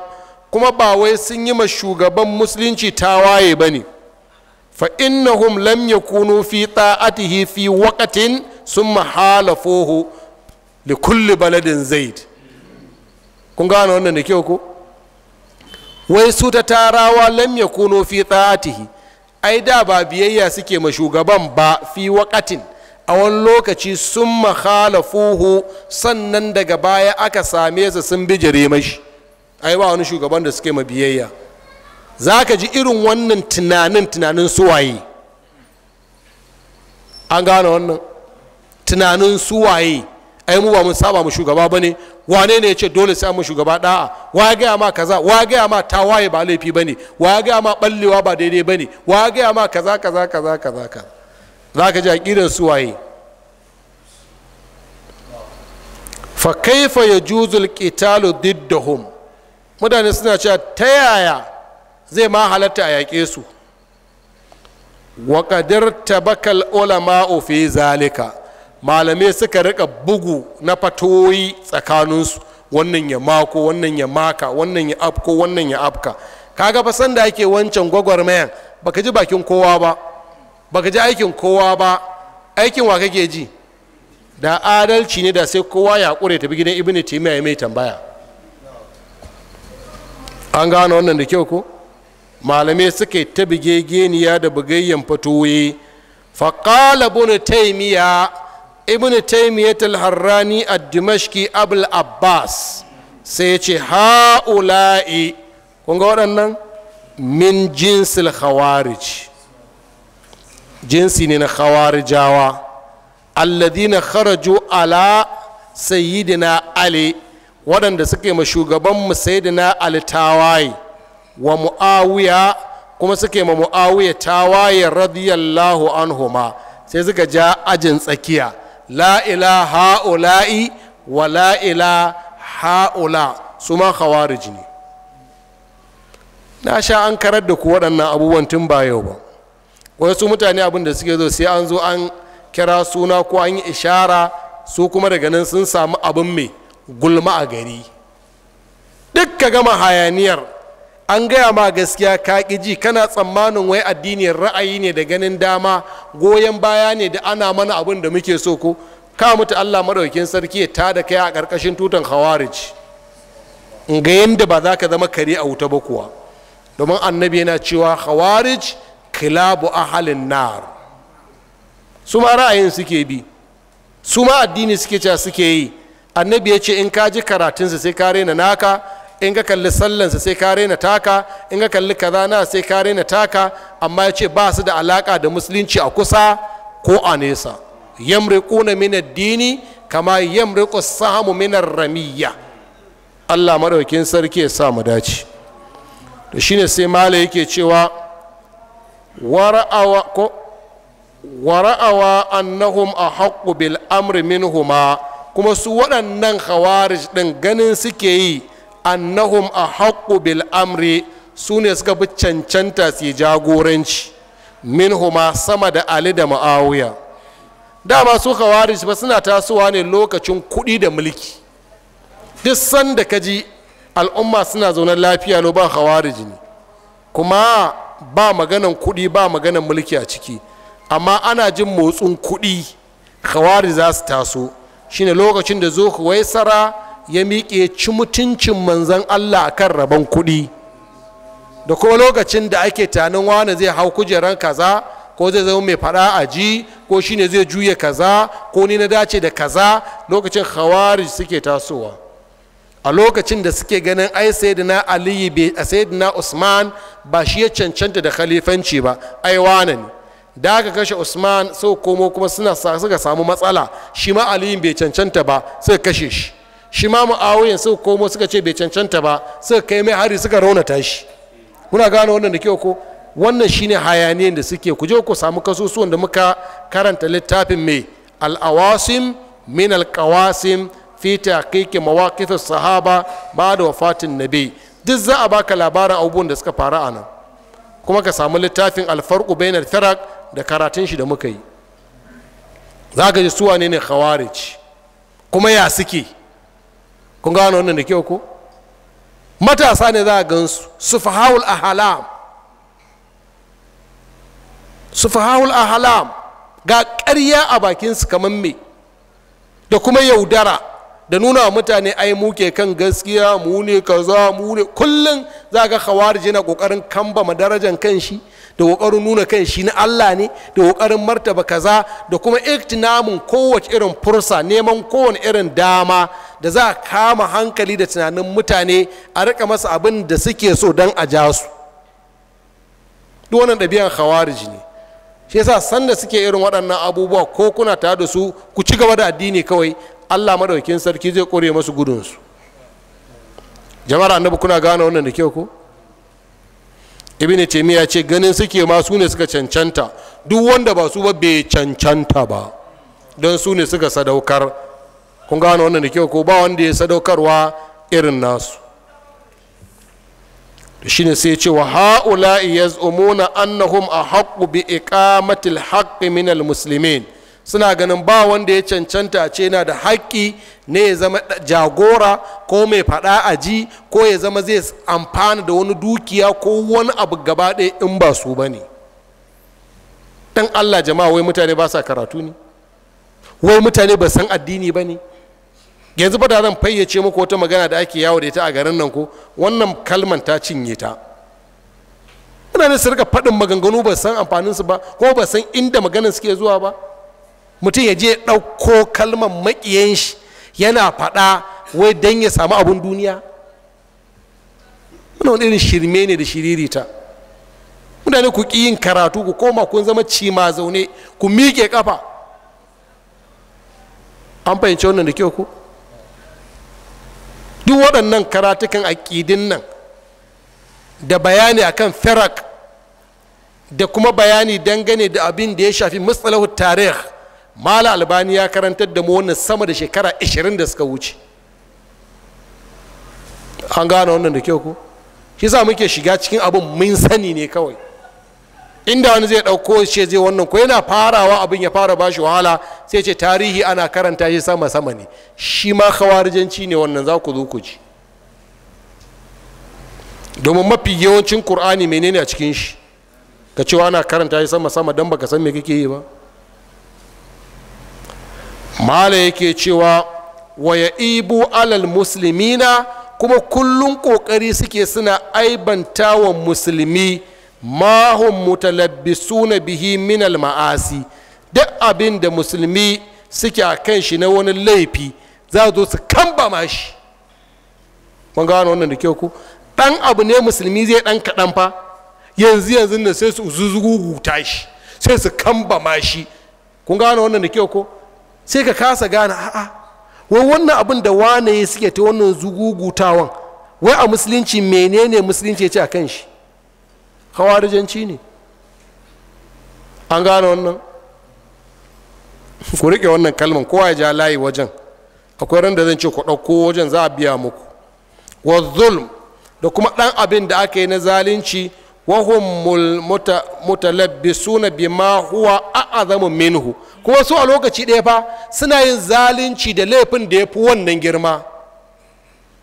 kuma ba wai sun yi ma shugaban musulunci tawaye ba ne fa innahum lam yakunu fi ta'atihi fi waqatin summa halafuhu li kulli baladin zaid kun gane wannan da kyau ko wai su ta tarawa lam yakunu fi ta'atihi ai da ba biyayya suke ma shugaban ba fi waqatin a wani lokaci sun makhalafuhu sannan daga baya aka same su sun bijire mashi ai ba wani shugaban da suke ma biyayya zaka ji irin wannan tunanin tunanin suwaye an gane wannan tunanin suwaye ai mu ba mun saba mu shugaba ba ne wane ne ya ce dole sai mu shugaba da'a wa ya gaya ma kaza wa ya gaya ma tawaye ba laifi ba ne wa ya gaya ma ballewa ba daidai ba ne wa ya gaya ma kaza kaza kaza kaza za ka ji aƙidar su waye fa kaifa ya juzul qitalu diddahum mutane suna cewa ta yaya zai ma halatta a yaƙe su wa qadir tabakal ulama'u fi zalika malamai suka rika bugu na fatoyi tsakaninsu wannan ya mako wannan ya maka wannan ya afko wannan ya afka kaga fa sanda ake wancan gwagwarmayan baka ji bakin kowa ba baka ji aikin kowa ba aikin wa kake ji da adalci ne da sai kowa ya kure tafi gidan ibnu timiya ya mai tambaya an gano wannan da kyau ko malamai suka ta bige geniya da bugayyan fatoyi faqala bunu taymiya ibn taymiyat al-harrani ad-dimashqi abul abbas sai yace ce ha'ula'i kun ga waɗannan min jinsil khawarij jinsi ne na khawarijawa alladina kharaju ala sayyidina ali waɗanda suke ma shugabanmu sayyidina ali tawaye wa mu'awiya kuma suke ma mu'awiya tawaye radiyallahu anhuma sai suka ja ajin tsakiya la ila ha'ula'i wa la ila ha'ula su ma khawariji ne na sha an karar da ku waɗannan abubuwan tun ba yau ba wasu mutane abin da suke zo sai an zo an kira suna ko an yi ishara su kuma daga nan sun samu abin mai gulma a gari duk ka gama hayaniyar an gaya ma gaskiya ka ji kana tsammanin wai addini ra'ayi ne da ganin dama goyon baya ne da ana mana abin da muke so ko ka mutu allah maɗaukin sarki ya ta da kai a ƙarƙashin tutan hawarij ga yadda ba za ka zama kare a wuta ba kuwa domin annabi yana cewa hawarij kilabu ahalin nar su ma ra'ayin suke bi su ma addini suke cewa suke yi annabi ya ce in ka ji karatunsa sai ka raina naka in ka kalli sallansa sai ka raina taka in ka kalli kaza na sai ka raina taka amma ya ce ba su da alaka da musulunci a kusa ko a nesa yamriquna min ad-dini kama yamriqu samu min ramiyya Allah madaukin sarki ya sa mu dace to shine sai mala yake cewa wara'awa ko wara'awa annahum ahaqqu bil amri minhuma kuma su waɗannan khawarij din ganin suke yi annahum a haƙƙu bil'amri su ne suka fi cancanta su yi jagoranci minhuma sama da ali da ma'awuya dama su khawarij ba suna tasowa ne lokacin kuɗi da mulki duk sanda ka ji al'umma suna zaune lafiya lo ba khawarij ne kuma ba maganan kuɗi ba maganan mulki a ciki amma ana jin motsin kuɗi kawari za su taso shine lokacin da zo waisara ya miƙe ci mutuncin manzan allah a kan rabon kuɗi da kuma lokacin da ake tanin wani zai hau kujeran kaza ko zai zama mai faɗa a ji ko shine zai juya kaza ko ni na dace da kaza lokacin hawari suke tasowa a lokacin da suke ganin ai sayyidina aliyu a sayyidina usman ba shi ya cancanta da khalifanci ba ai wane ne da aka kashe usman sau komo kuma suna suka samu matsala shi ma aliyu bai cancanta ba suka kashe shi shi ma mu'awiyan suka komo suka ce bai cancanta ba suka kai mai hari suka raunata shi muna gane wannan da kyau ko wannan shine hayaniyan da suke ku je ku samu kasusuwan da muka karanta littafin mai al'awasim min alƙawasim fi taqiqi mawaqif sahaba ba da wafatin nabi duk za a baka labarin abubuwan da suka faru anan nan kuma ka samu littafin alfarqu bainar firaq da karatun shi da muka yi za ka ji suwa ne ne khawarij kuma ya suke kun gano wannan da kyau ko matasa ne za a gansu su fahawul ahalam su fahawul ahalam ga ƙarya a bakinsu kamar me da kuma yaudara da nuna mutane ai muke kan gaskiya mu ne kaza mu ne kullum za ga khawarji yana kokarin kamba madarajan kanshi da kokarin nuna shi na Allah ne da kokarin martaba kaza da kuma iktinamun kowace irin fursa neman kowane irin dama da za a kama hankali da tunanin mutane a rika masa abin da suke so dan a ja su duk wannan dabi'an khawarji ne shi yasa sanda suke irin waɗannan abubuwa ko kuna tare da su ku ci gaba da addini kawai allah maɗaukin sarki zai ƙure masu gudunsu jama'ar annabi kuna gane wannan da kyau ko ibn taymiya ce ganin suke ma su ne suka cancanta duk wanda ba su ba bai cancanta ba don su ne suka sadaukar kun gane wannan da kyau ko ba wanda ya sadaukarwa irin nasu shine sai ce wa ha'ula'i yaz'umuna annahum a haƙƙu bi iqamatil haqqi minal muslimin suna ganin ba wanda ya cancanta ce yana da haƙƙi ne ya zama jagora ko mai faɗa a ji ko ya zama zai amfana da wani dukiya ko wani abu gaba ɗaya in ba su ba ne ɗan allah jama'a wai mutane ba sa karatu ne wai mutane ba san addini ba ne yanzu ba da zan fayyace muku wata magana da ake yawo da ita a garin nan ko wannan kalman ta cinye ta mutane su rika faɗin maganganu ba san amfaninsu ba ko ba san inda maganin suke zuwa ba mutum ya je ɗauko kalmar maƙiyan shi yana faɗa wai don ya samu abin duniya muna wani irin shirme ne da shiririta mutane ku yin karatu ku koma kun zama cima zaune ku miƙe ƙafa an fahimci wannan da kyau ku duk waɗannan karatukan ƙidin nan da bayani akan firak da kuma bayani dangane da abin da ya shafi matsalar tarihi. mala albani ya karantar da mu wannan sama da shekara 20 da suka wuce an gane wannan da kyau ko shi sa muke shiga cikin abin mun sani ne kawai inda wani zai ɗauko ce zai wannan ko yana farawa abin ya fara bashi wahala sai ce tarihi ana karanta shi sama sama ne shi ma kawarijanci ne wannan za ku zo ku ji domin mafi yawancin ƙur'ani menene a cikin shi ka cewa ana karanta shi sama sama don baka san me kake yi ba mala yake cewa waya ibu alal musulmina kuma kullum ƙoƙari suke suna aibanta wa musulmi mahun mutalabbisu na bihi minal ma'asi duk abin da musulmi suke a kan shi na wani laifi za zo su ma shi kun gano wannan da kyau ku ɗan abu ne musulmi zai ɗan kaɗan fa yanzu yanzu da sai su zuzugu shi sai su ma shi kun gano wannan da kyau ku sai ka kasa gane a'a wai wannan abin da wane suke ta wannan zugugutawan wai a musulunci menene musulunci ya ce a kan shi hawarijanci ne an gane wannan ku riƙe wannan kalman kowa ya ja layi wajen akwai ran da zan ce ku ɗauko wajen za a biya muku wa zulm da kuma ɗan abin da aka yi na zalunci wahummul mutalabbisuna bima huwa a'azamu minhu kuma su a lokaci ɗaya fa suna yin zalunci da laifin da ya fi wannan girma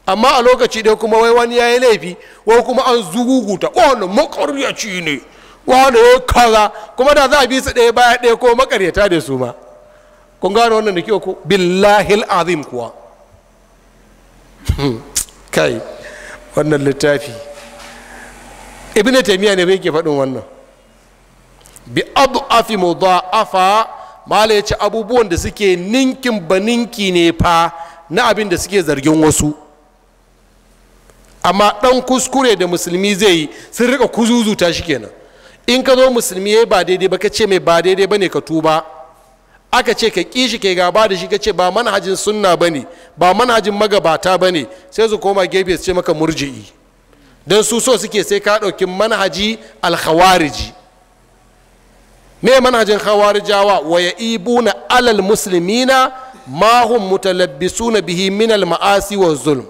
amma a lokaci ɗaya kuma wai wani ya yi laifi wai kuma an zuguguta wani ci ne wani ya kaza kuma da za a bi su ɗaya baya ɗaya ko makaryata da su ma kun gane wannan da kyau ko billahil azim kuwa kai wannan littafi ibn taimiyya ne bai ke faɗin wannan bi adhafi afa mala yace abubuwan da suke ninkin baninki ne fa na abin da suke zargin wasu amma ɗan kuskure da musulmi zai yi sun rika kuzuzuta shi kenan in ka zo musulmi ya yi ba daidai ba ka ce mai ba daidai ba ne ka tuba aka ce ka ƙi shi ka gaba da shi ka ce ba manhajin sunna ba ne ba manhajin magabata ba ne sai su koma gefe su ce maka murji'i don su so suke sai ka ɗauki manhaji alkhawariji me manhajin khawarijawa wa ya ibuna alal musulmina ma hum suna bihi min al ma'asi wa zulm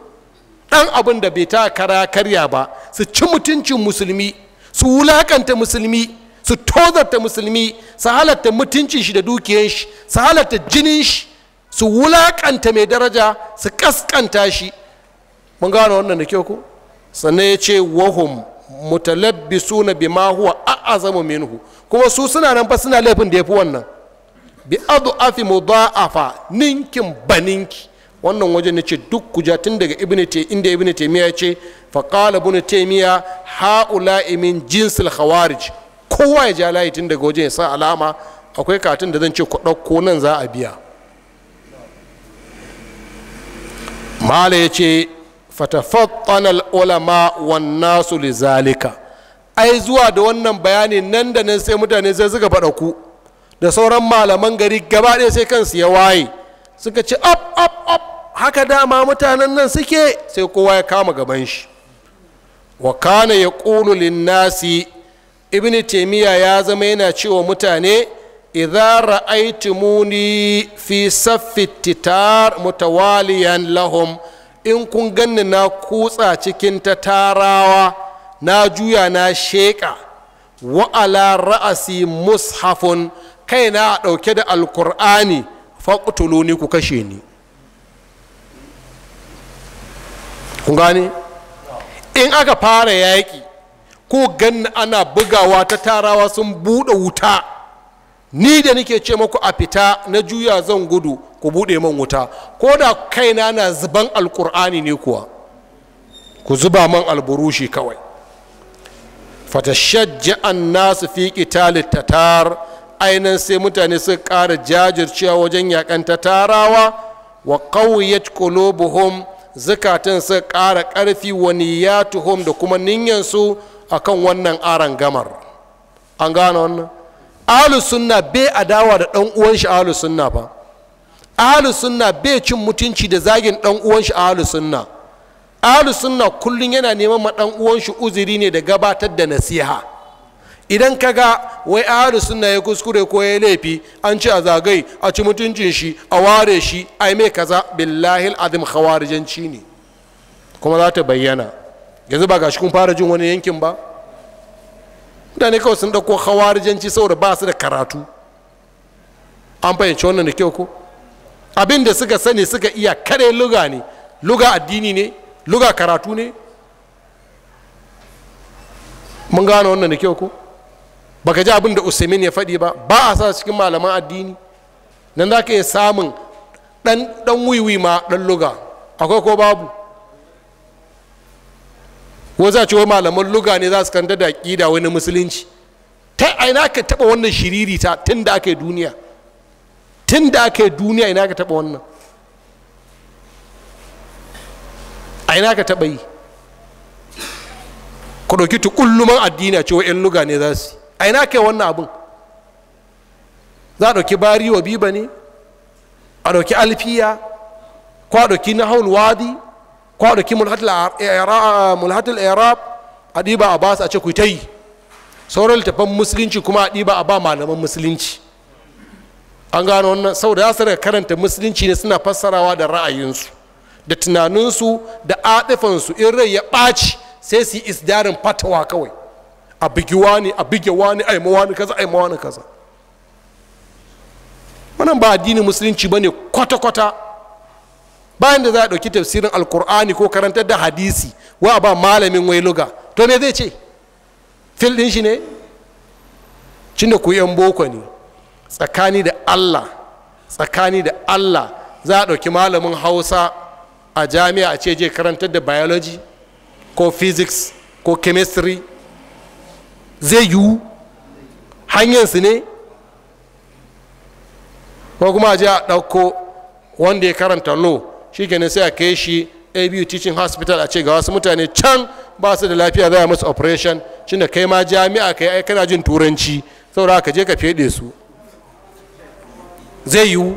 dan abin da bai ta kara karya ba su ci mutuncin musulmi su wulakanta musulmi su tozarta musulmi su halatta mutuncin shi da dukiyan shi su halatta jinin shi su wulakanta mai daraja su kaskanta shi mun gano wannan da kyau ko sannan ya ce wahum mutalabbisuna bima huwa azamu minhu kuma su suna nan fa suna laifin da ya fi wannan bi adhafi mudha'afa ninkin baninki wannan wajen ne ce duk kuja tun daga ibnu tay inda ibnu ce fa qala taimiya taymiya ha'ula'i min jinsil khawarij kowa ya ja layi tun daga wajen ya sa alama akwai katin da zan ce ku ɗauko nan za a biya mala ya ce fatafattana ulama wan nasu ai zuwa da wannan bayani nan da nan sai mutane sai suka faɗa ku da sauran malaman gari gaba ɗaya sai kansu ya waye suka ci op op op haka dama mutanen nan suke sai kowa ya kama gaban shi wa kana ya ƙulu linnasi ibn taimiyya ya zama yana cewa mutane idza ra'aytumuni fi saffi titar mutawaliyan lahum in kun ganni na kutsa cikin ta tarawa na juya na sheƙa wa'ala ra'asi mushafun kaina a ɗauke da alkur'ani faƙutulo ni ku kashe ni ku gane in aka fara yaƙi ko ganni ana bugawa ta tarawa sun buɗe wuta ni da nake ce maku a fita na juya zan gudu ku buɗe man wuta ko da kaina na zuban alkur'ani ne kuwa ku zuba man alburushi kawai fatashajja an nasu fi tatar ainihin sai mutane suka ƙara jajircewa wajen yakan tatarawa wa qawiyat qulubuhum Zakatun suka ƙara ƙarfi wa niyyatuhum da kuma niyyansu akan wannan aran gamar an gane wannan ahlus sunna bai adawa da ɗan uwan shi ahlus sunna fa ahlu sunna bai cin mutunci da zagin dan uwan shi ahlu sunna ahlu sunna kullun yana neman ma dan uwan shi uzuri ne da gabatar da nasiha idan ka ga wai ahlu sunna ya kuskure ko ya laifi an ci a zagai a ci mutuncin shi a ware shi ai mai kaza billahi alazim khawarijanci ne kuma za ta bayyana yanzu ba gashi kun fara jin wani yankin ba mutane kawai sun dauko khawarijanci saboda ba su da karatu an fahimci wannan da kyau ko abin da suka sani suka iya kare luga ne luga addini ne luga karatu ne mun gano wannan da kyau ko baka ji abin da usaimin ya faɗi ba ba a sa cikin malaman addini nan za ka iya samun ɗan wiwi ma ɗan luga akwai ko babu ko za ce wai malaman luga ne za su kanta da ƙida wani musulunci ta aina ka taɓa wannan shiriri ta tun da aka yi duniya tun da aka yi duniya ina ka taɓa wannan a ina ka taɓa yi ku ɗauki tukulluman addini a cewa 'yan luga ne za su a ina ka yi wannan abin za a ɗauki bari wa biba ne a ɗauki alfiya ko a ɗauki nahawul wadi ko a ɗauki mulhatul arab a ɗiba a ba su a ce ku ta yi sauran littafan musulunci kuma a ɗiba a ba malaman musulunci an gano wannan saboda za su daga karanta musulunci ne suna fassarawa da ra'ayinsu da tunaninsu da adafansu in rai ya ɓaci sai su yi isdarin fatawa kawai a bigi wani a bige wani a wani kaza a wani kaza wannan ba addinin musulunci ba ne kwata-kwata bayan da za a ɗauki tafsirin alkur'ani ko karantar da hadisi wa ba malamin wailuga to me zai ce fil ɗin shi ne cin da ku yan boko ne tsakani da allah tsakani da allah za a ɗauki malamin hausa a jami'a a ce je karantar da biology ko physics ko chemistry zai yiwu hanyarsu ne ko kuma a je a ɗauko wanda ya karanta law shi kenan sai a kai shi abu teaching hospital a ce ga wasu mutane can ba su da lafiya za a musu operation shi da kai ma jami'a kai kana jin turanci saboda ka je ka fede su zai yiwu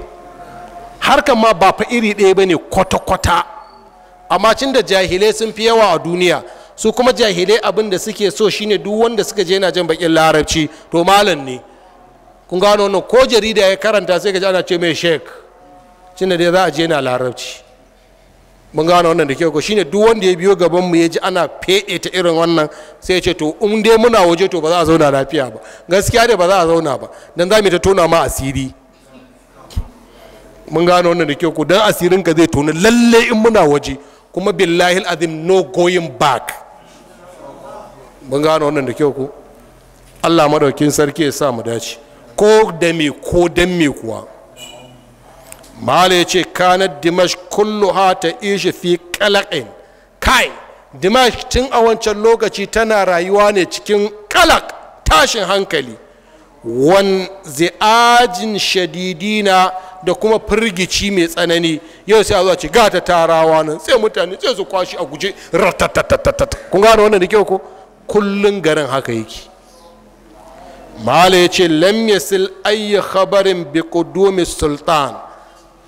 harkar ma ba fa iri ɗaya ba ne kwata-kwata amma cin da jahilai sun fi yawa a duniya su kuma jahilai abin da suke so shine duk wanda suka je yana jan bakin larabci to malam ne kun gano wannan ko jarida ya karanta sai ka ji ana ce mai shek cin da dai za a je yana larabci mun gano wannan da ke ko shine duk wanda ya biyo gaban mu ya ji ana fede ta irin wannan sai ya ce to in dai muna waje to ba za a zauna lafiya ba gaskiya dai ba za a zauna ba dan za mu ta tona ma asiri mun gano wannan da kyau ku dan asirin ka zai tona lalle in muna waje kuma billahi azim no going back mun gano wannan da kyau ku Allah madaukin sarki ya sa mu dace ko da me ko dan me kuwa mala ya ce kanar dimash ha ta ishi fi kalaqin kai dimash tun a wancan lokaci tana rayuwa ne cikin kalak tashin hankali wan zi'ajin shadidina da kuma firgici mai tsanani yau sai a zuwa ce ga ta tarawa nan sai mutane sai su kwashi a guje ratatatatatata kun gano wannan da kyau ko kullun garin haka yake mala ya ce lamya sil ayyi khabarin bi kudumi sultan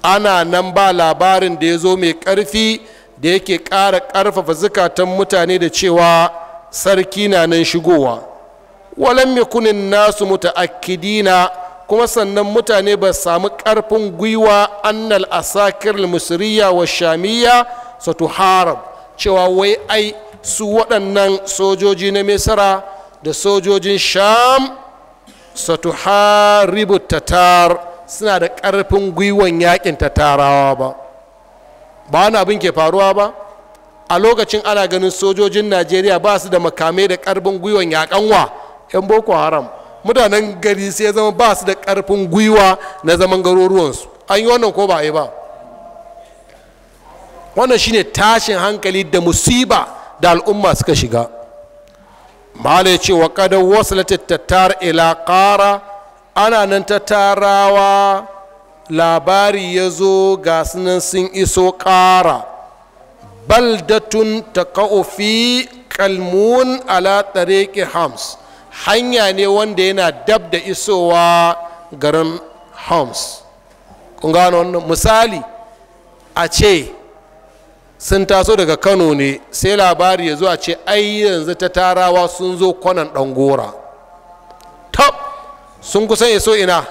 ana nan ba labarin da ya zo mai karfi da yake ƙara ƙarfafa zukatan mutane da cewa sarki na nan shigowa walam yakunin nasu muta'akkidina kuma sannan mutane ba samu ƙarfin gwiwa annal asakir musriya wa shamiya su tuharab cewa wai ai su waɗannan sojoji na misra da sojojin sham su tuharibu tatar suna da ƙarfin gwiwan yakin tatarawa ba ba na abin ke faruwa ba a lokacin ana ganin sojojin najeriya ba su da makamai da ƙarfin gwiwan yakanwa 'yan boko haram mutanen gari sai zama ba su da karfin gwiwa na zaman garuruwansu an yi wannan ko ba a yi ba wannan shine tashin hankali da musiba da al'umma suka shiga ya ce wa kada wasu tattara ila kara ana nan ta tarawa labari ya zo ga sunan sun iso ƙara baldatun ta fi kalmun ala tariki hams hanya ne wanda yana dab da isowa garin homs kun gano wannan misali a ce sun taso daga kano ne sai labari ya zo a ce ai yanzu ta tarawa sun zo kwanan ɗangora top sun kusa iso ina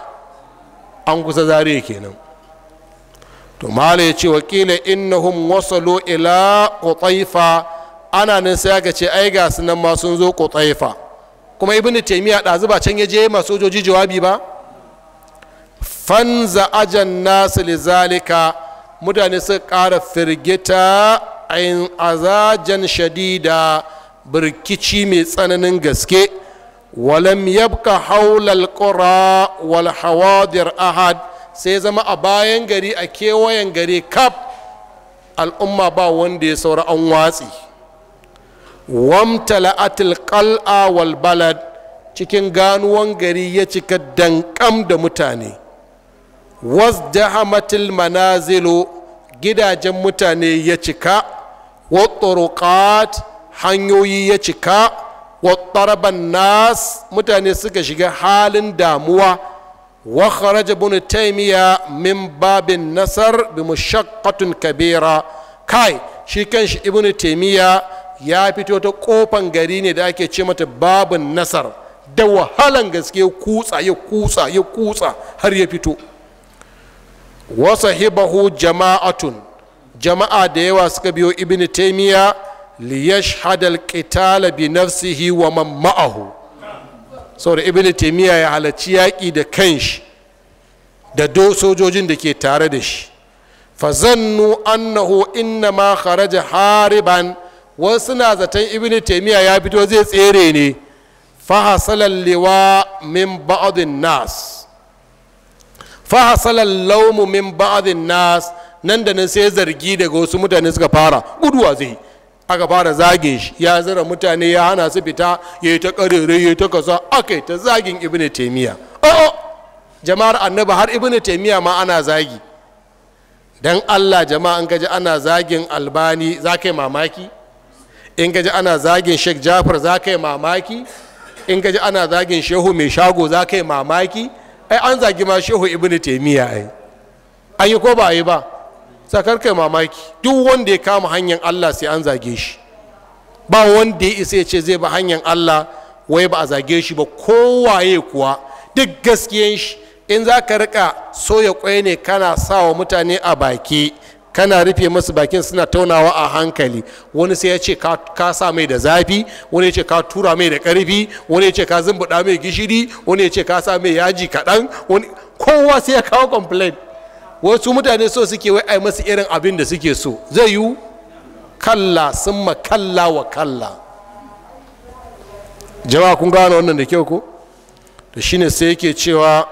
an kusa zare kenan to mala ya ce wakila innahum wasalo ila kutaifa ana nan sai aka ce ai ga sunan nan ma sun zo kutaifa kuma ibn taimiya ɗazu ba can ya je ma sojoji jawabi ba fanza ajan nasu lizalika mutane su kara firgita ayin azajan shadida birkici mai tsananin gaske walam yabka haulal qura wal hawadir ahad sai zama a bayan gari a kewayen gari kaf al'umma ba wanda ya saura an watsi wamtala'atil qal'a wal balad cikin ganuwan gari ya cika dankam da mutane wasdahamatil manazilu gidajen mutane ya cika wa turuqat hanyoyi ya cika wa taraban nas mutane suka shiga halin damuwa wa kharaja ibn taymiya min babin nasar bi mushaqqatin kabira kai shi kanshi ibn taymiya ya fito ta kofan gari ne da ake ce mata babin nasar da wahalan gaske kutsa ya kutsa ya kutsa har ya fito hibahu jama'atun jama'a da yawa suka biyo ibn taimiya Hadal alqitala bi nafsihi wa man ma'ahu saboda ibn taimiya ya halarci yaƙi da kanshi da do sojojin da ke tare da shi fazannu annahu inna ma kharaja hariban wasu na zaton ibini taimiyya ya fito zai tsere ne fahasalar lewa min ba'adin nas fahasalar laumu min ba'adin nas nan da nan sai zargi daga wasu mutane suka fara guduwa zai aka fara zagin shi ya zira mutane ya hana su fita ya yi ta karere ya yi ta kasa aka yi ta zagin ibini taimiyya oh jama'ar annaba har ibini taimiyya ma ana zagi dan allah jama'a gaji ana zagin albani za ka yi mamaki in gaji ana zagin sheikh jafar za ka yi mamaki in gaji ana zagin shehu mai shago za ka yi mamaki ai an zagi ma shehu ibnu taimiyya ai an yi ko ba yi ba sakar kai mamaki duk wanda ya kama hanyar allah sai an zage shi ba wanda ya isa ya ce zai ba hanyar allah wai ba a zage shi ba kowaye kuwa duk gaskiyan shi in za ka rika soya kwai ne kana sa wa mutane a baki kana rufe masu bakin suna taunawa a hankali wani sai ya ce ka sa mai da zafi wani ya ce ka tura mai da karfi wani ya ce ka zumbuɗa mai gishiri wani ya ce ka sa mai yaji kaɗan wani kowa sai ya kawo complain wasu mutane so suke wai ai masu irin abin da suke so zai yiwu kalla ma kalla wa kalla jama'a kun gane wannan da kyau ko da shine sai yake cewa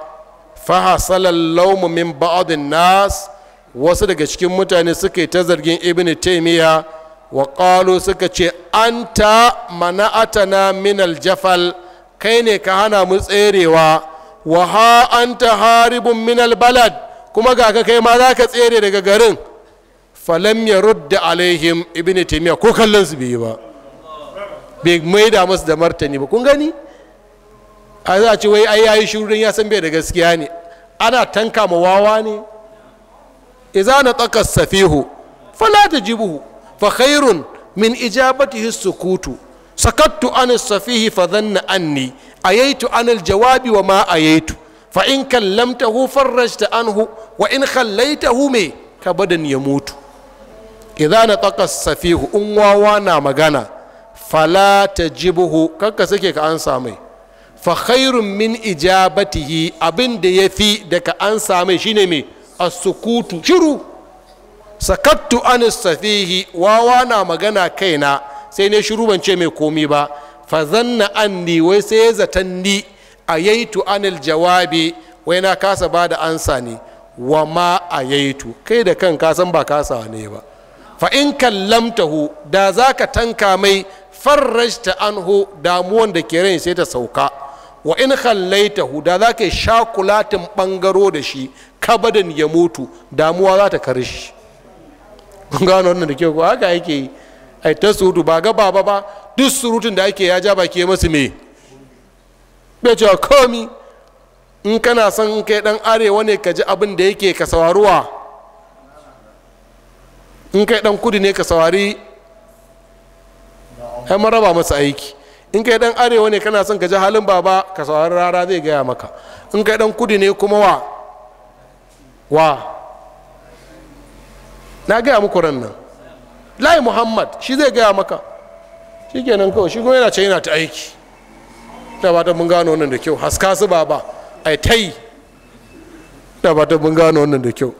fa hasalal lawmu min ba'd nas wasu daga cikin mutane suka yi ta zargin ibn taimiyya wa ƙalo suka ce an anta mana'atana Minal Jafal kai ne ka hana mu tserewa wa ha ta haribun min albalad kuma ga ka kai ma za ka tsere daga garin falam ya rudda alaihim ibn taimiyya ko kallon su bai ba bai maida musu da martani ba kun gani a za a ce wai ai yayi shirin ya san bai da gaskiya ne ana tanka ma wawa ne idza nataqa safihu fala tajibuhu fa khairun min ijabatihi sukutu sakattu an safihi fa dhanna anni ayaitu an aljawabi wa ma ayaitu fa in kallamtahu farrajta anhu wa in khallaitahu me ka badan ya mutu Iza na nataqa safihu in wawa na magana fala tajibuhu kanka sake ka ansa mai fa khairun min ijabatihi abin da yafi daga ansa mai shine me asukutu sukutu shiru sakattu an safihi wawa na magana kaina sai ne shiru ban ce mai komi ba fa zanna anni wai sai ya zatan ni ayaitu anil jawabi wai na kasa ba da ansa ne wa ma ayaitu kai da kan kasan ba kasa ne ba fa in kallamtahu da zaka tanka mai an anhu damuwan da ke rai sai ta sauka wa in khallaitahu da za ka sha shakulatin ɓangaro da shi kabadan ya mutu damuwa za ta kare shi kun gano wannan da ke ko haka yake yi ai ta surutu ba ga baba ba duk surutun da ake ya ja baki masu me bai cewa komi in kana son kai dan arewa ne kaji ji abin da yake ka sawaruwa in kai dan kudu ne ka sawari ai maraba masa aiki in kai dan arewa ne kana son ka ji halin baba ka saurari rara zai gaya maka in kai dan kudu ne kuma wa wa na gaya muku ran nan lai muhammad shi zai gaya maka shi kenan kawai shi kuma yana ce yana ta aiki da ba mun gano wannan da kyau haska su baba ai ta yi da ba mun gano wannan da kyau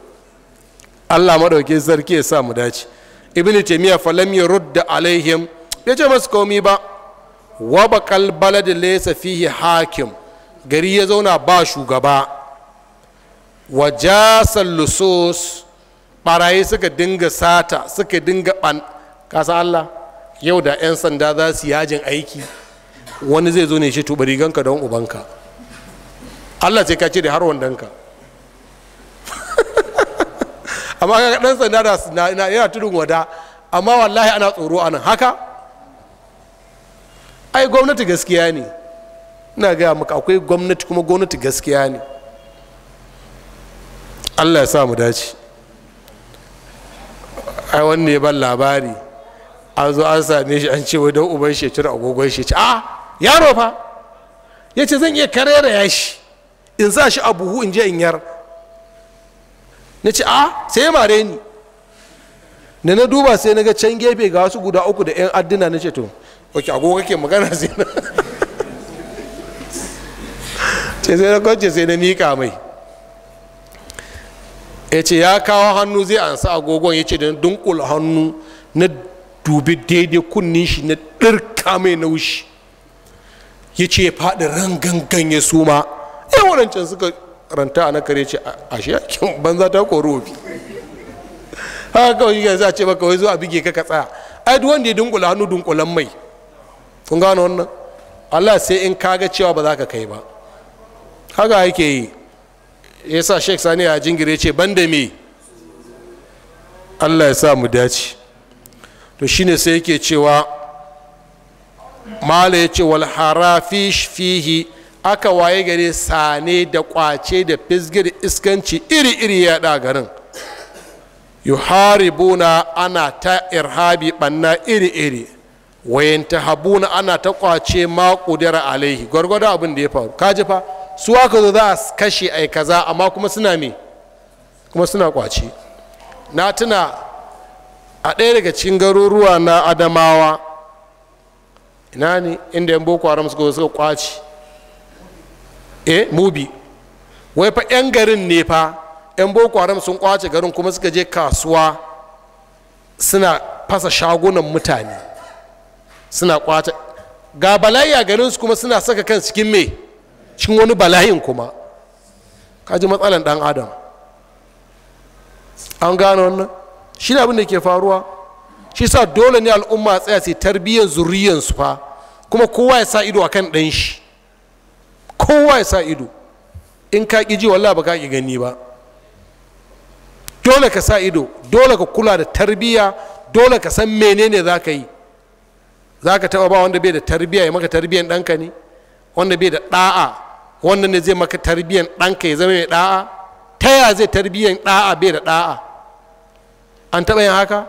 allah maɗauki sarki ya sa mu dace ibn taymiya falam yurda alaihim ya ce masu komi ba wa baƙal da laysa fihi hakim gari ya zauna ba shugaba wa jasal lusus barayi suka dinga sata suka dinga ban kasa Allah yau da 'yan sanda za su yajin aiki wani zai zo ne shi tuba riganka don ubanka Allah sai ka ce da har ka, amma ga ɗan sanda da yana tudun wada amma wallahi ana tsoro anan haka ai gwamnati gaskiya ne ina gaya maka akwai gwamnati kuma gwamnati gaskiya ne allah ya sa mu dace ai wanne ban labari an zo an same shi an ce wai don uban shi agogon shi a ah, yaro fa ya ce zan iya karera ya shi in sa shi a buhu in je in yar na ce a ah, sai ya mare ni da na duba sai na ga can gefe ga wasu guda uku da 'yan addina na ce to ok agogo kake magana sai na ce sai na kwance sai na mika mai ya ce ya kawo hannu zai ansa agogon ya ce da dunkul hannu na dubi daidai kunnin shi na ɗirka mai naushi ya ce ya faɗi ran gangan ya suma ya wadancan suka ranta a nakare ce a shi banza ta koro bi. haka kawai shi za a ce maka wai zuwa a bige ka ka tsaya ai duk wanda ya dunkula hannu dunkulan mai kun gano wannan allah sai in kaga cewa ba za ka kai ba haka yake yi ya sa sheik sani a jingire ce ban da me allah ya sa mu dace to shine sai yake cewa mala ya ce wal fihi aka waye gare sane da kwace da fisgir iskanci iri-iri ya da garin yuharibuna ana ta irhabi ɓanna iri-iri wayan ta habuna ana ta kwace ma kudura alaihi gwargwado abin da ya faru kaji fa su aka zo za a kashe a kaza amma kuma suna me kuma suna kwace na tuna a ɗaya daga cikin garuruwa na adamawa ina ne inda yan boko haram suka suka kwace eh mubi wai fa yan garin ne fa yan boko haram sun kwace garin kuma suka je kasuwa suna fasa shagunan mutane suna kwata ga bala'i a garinsu kuma suna saka kan cikin me cikin wani bala'in kuma kaji matsalan dan adam an gane wannan shi ne abin da ke faruwa shi sa dole ne al'umma tsaya sai tarbiyyar zuriyarsu fa kuma kowa ya sa ido kan ɗan shi kowa ya sa ido in ka ƙi ji wallah ba ka ƙi gani ba dole ka sa ido dole ka kula da tarbiyya dole ka san menene za ka yi za ka taɓa ba wanda bai da tarbiyya ya maka tarbiyyar ɗanka ne wanda bai da ɗa'a wanda ne zai maka tarbiyyar ɗanka ya zama mai ɗa'a ta yaya zai tarbiyyar ɗa'a bai da ɗa'a an taɓa yin haka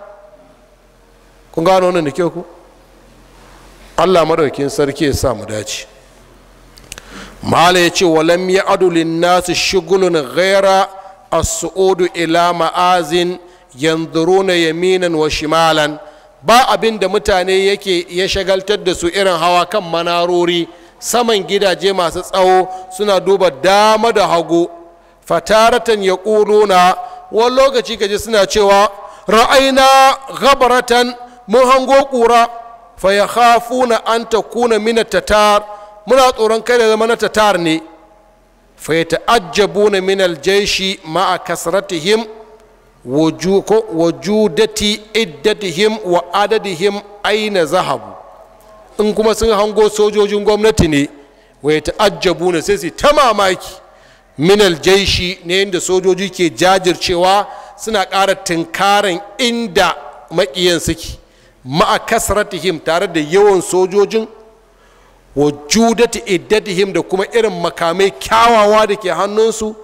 kun gano wannan da kyau ku allah maɗaukin sarki ya sa mu dace mala ya ce wa lam ya adulin nasu shigulun ghaira as-su'udu ila ma'azin yanzuruna yaminan wa shimalan ba abin da mutane yake ya shagaltar da su irin hawa kan manarori saman gidaje masu tsawo suna duba dama da hagu fataratan ya na wani lokaci kaji suna cewa ra'aina gabaratan mun hango ƙura fa ya na an ta kuna mina tatar muna tsoron kai da zama na tatar ne fa ya na min aljaishi ma'a him. wajudati iddatihim wa adadihim aina zahabu in kuma sun hango sojojin gwamnati ne wai ta'ajjabu ne sai su ta mamaki minal jaishi ne yadda sojoji ke jajircewa suna ƙara tunkaran inda maƙiyan suke ma'a kasratihim tare da yawan sojojin wajudati iddatihim da kuma irin makamai kyawawa da ke hannunsu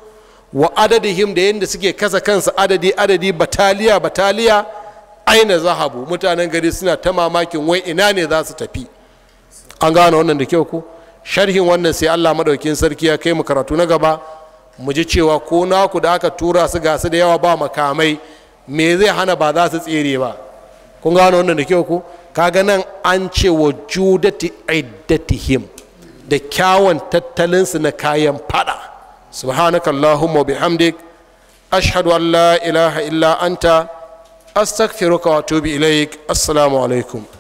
wa adadihim da yadda suke kasa kansa adadi adadi bataliya bataliya aina zahabu mutanen gari suna ta mamakin wai ina ne za su tafi an gane wannan da kyau ku sharhin wannan sai allah madaukin sarki ya kai mu karatu na gaba mu ji cewa ko naku da aka tura su gasu da yawa ba makamai me zai hana ba za su tsere ba kun gano wannan da kyau ku kaga nan an ce wa judati him da kyawun tattalinsu na kayan fada subhanaka allahumma bihamdik ashhadu an la ilaha illa anta astaghfiruka wa atubu ilaik assalamu alaikum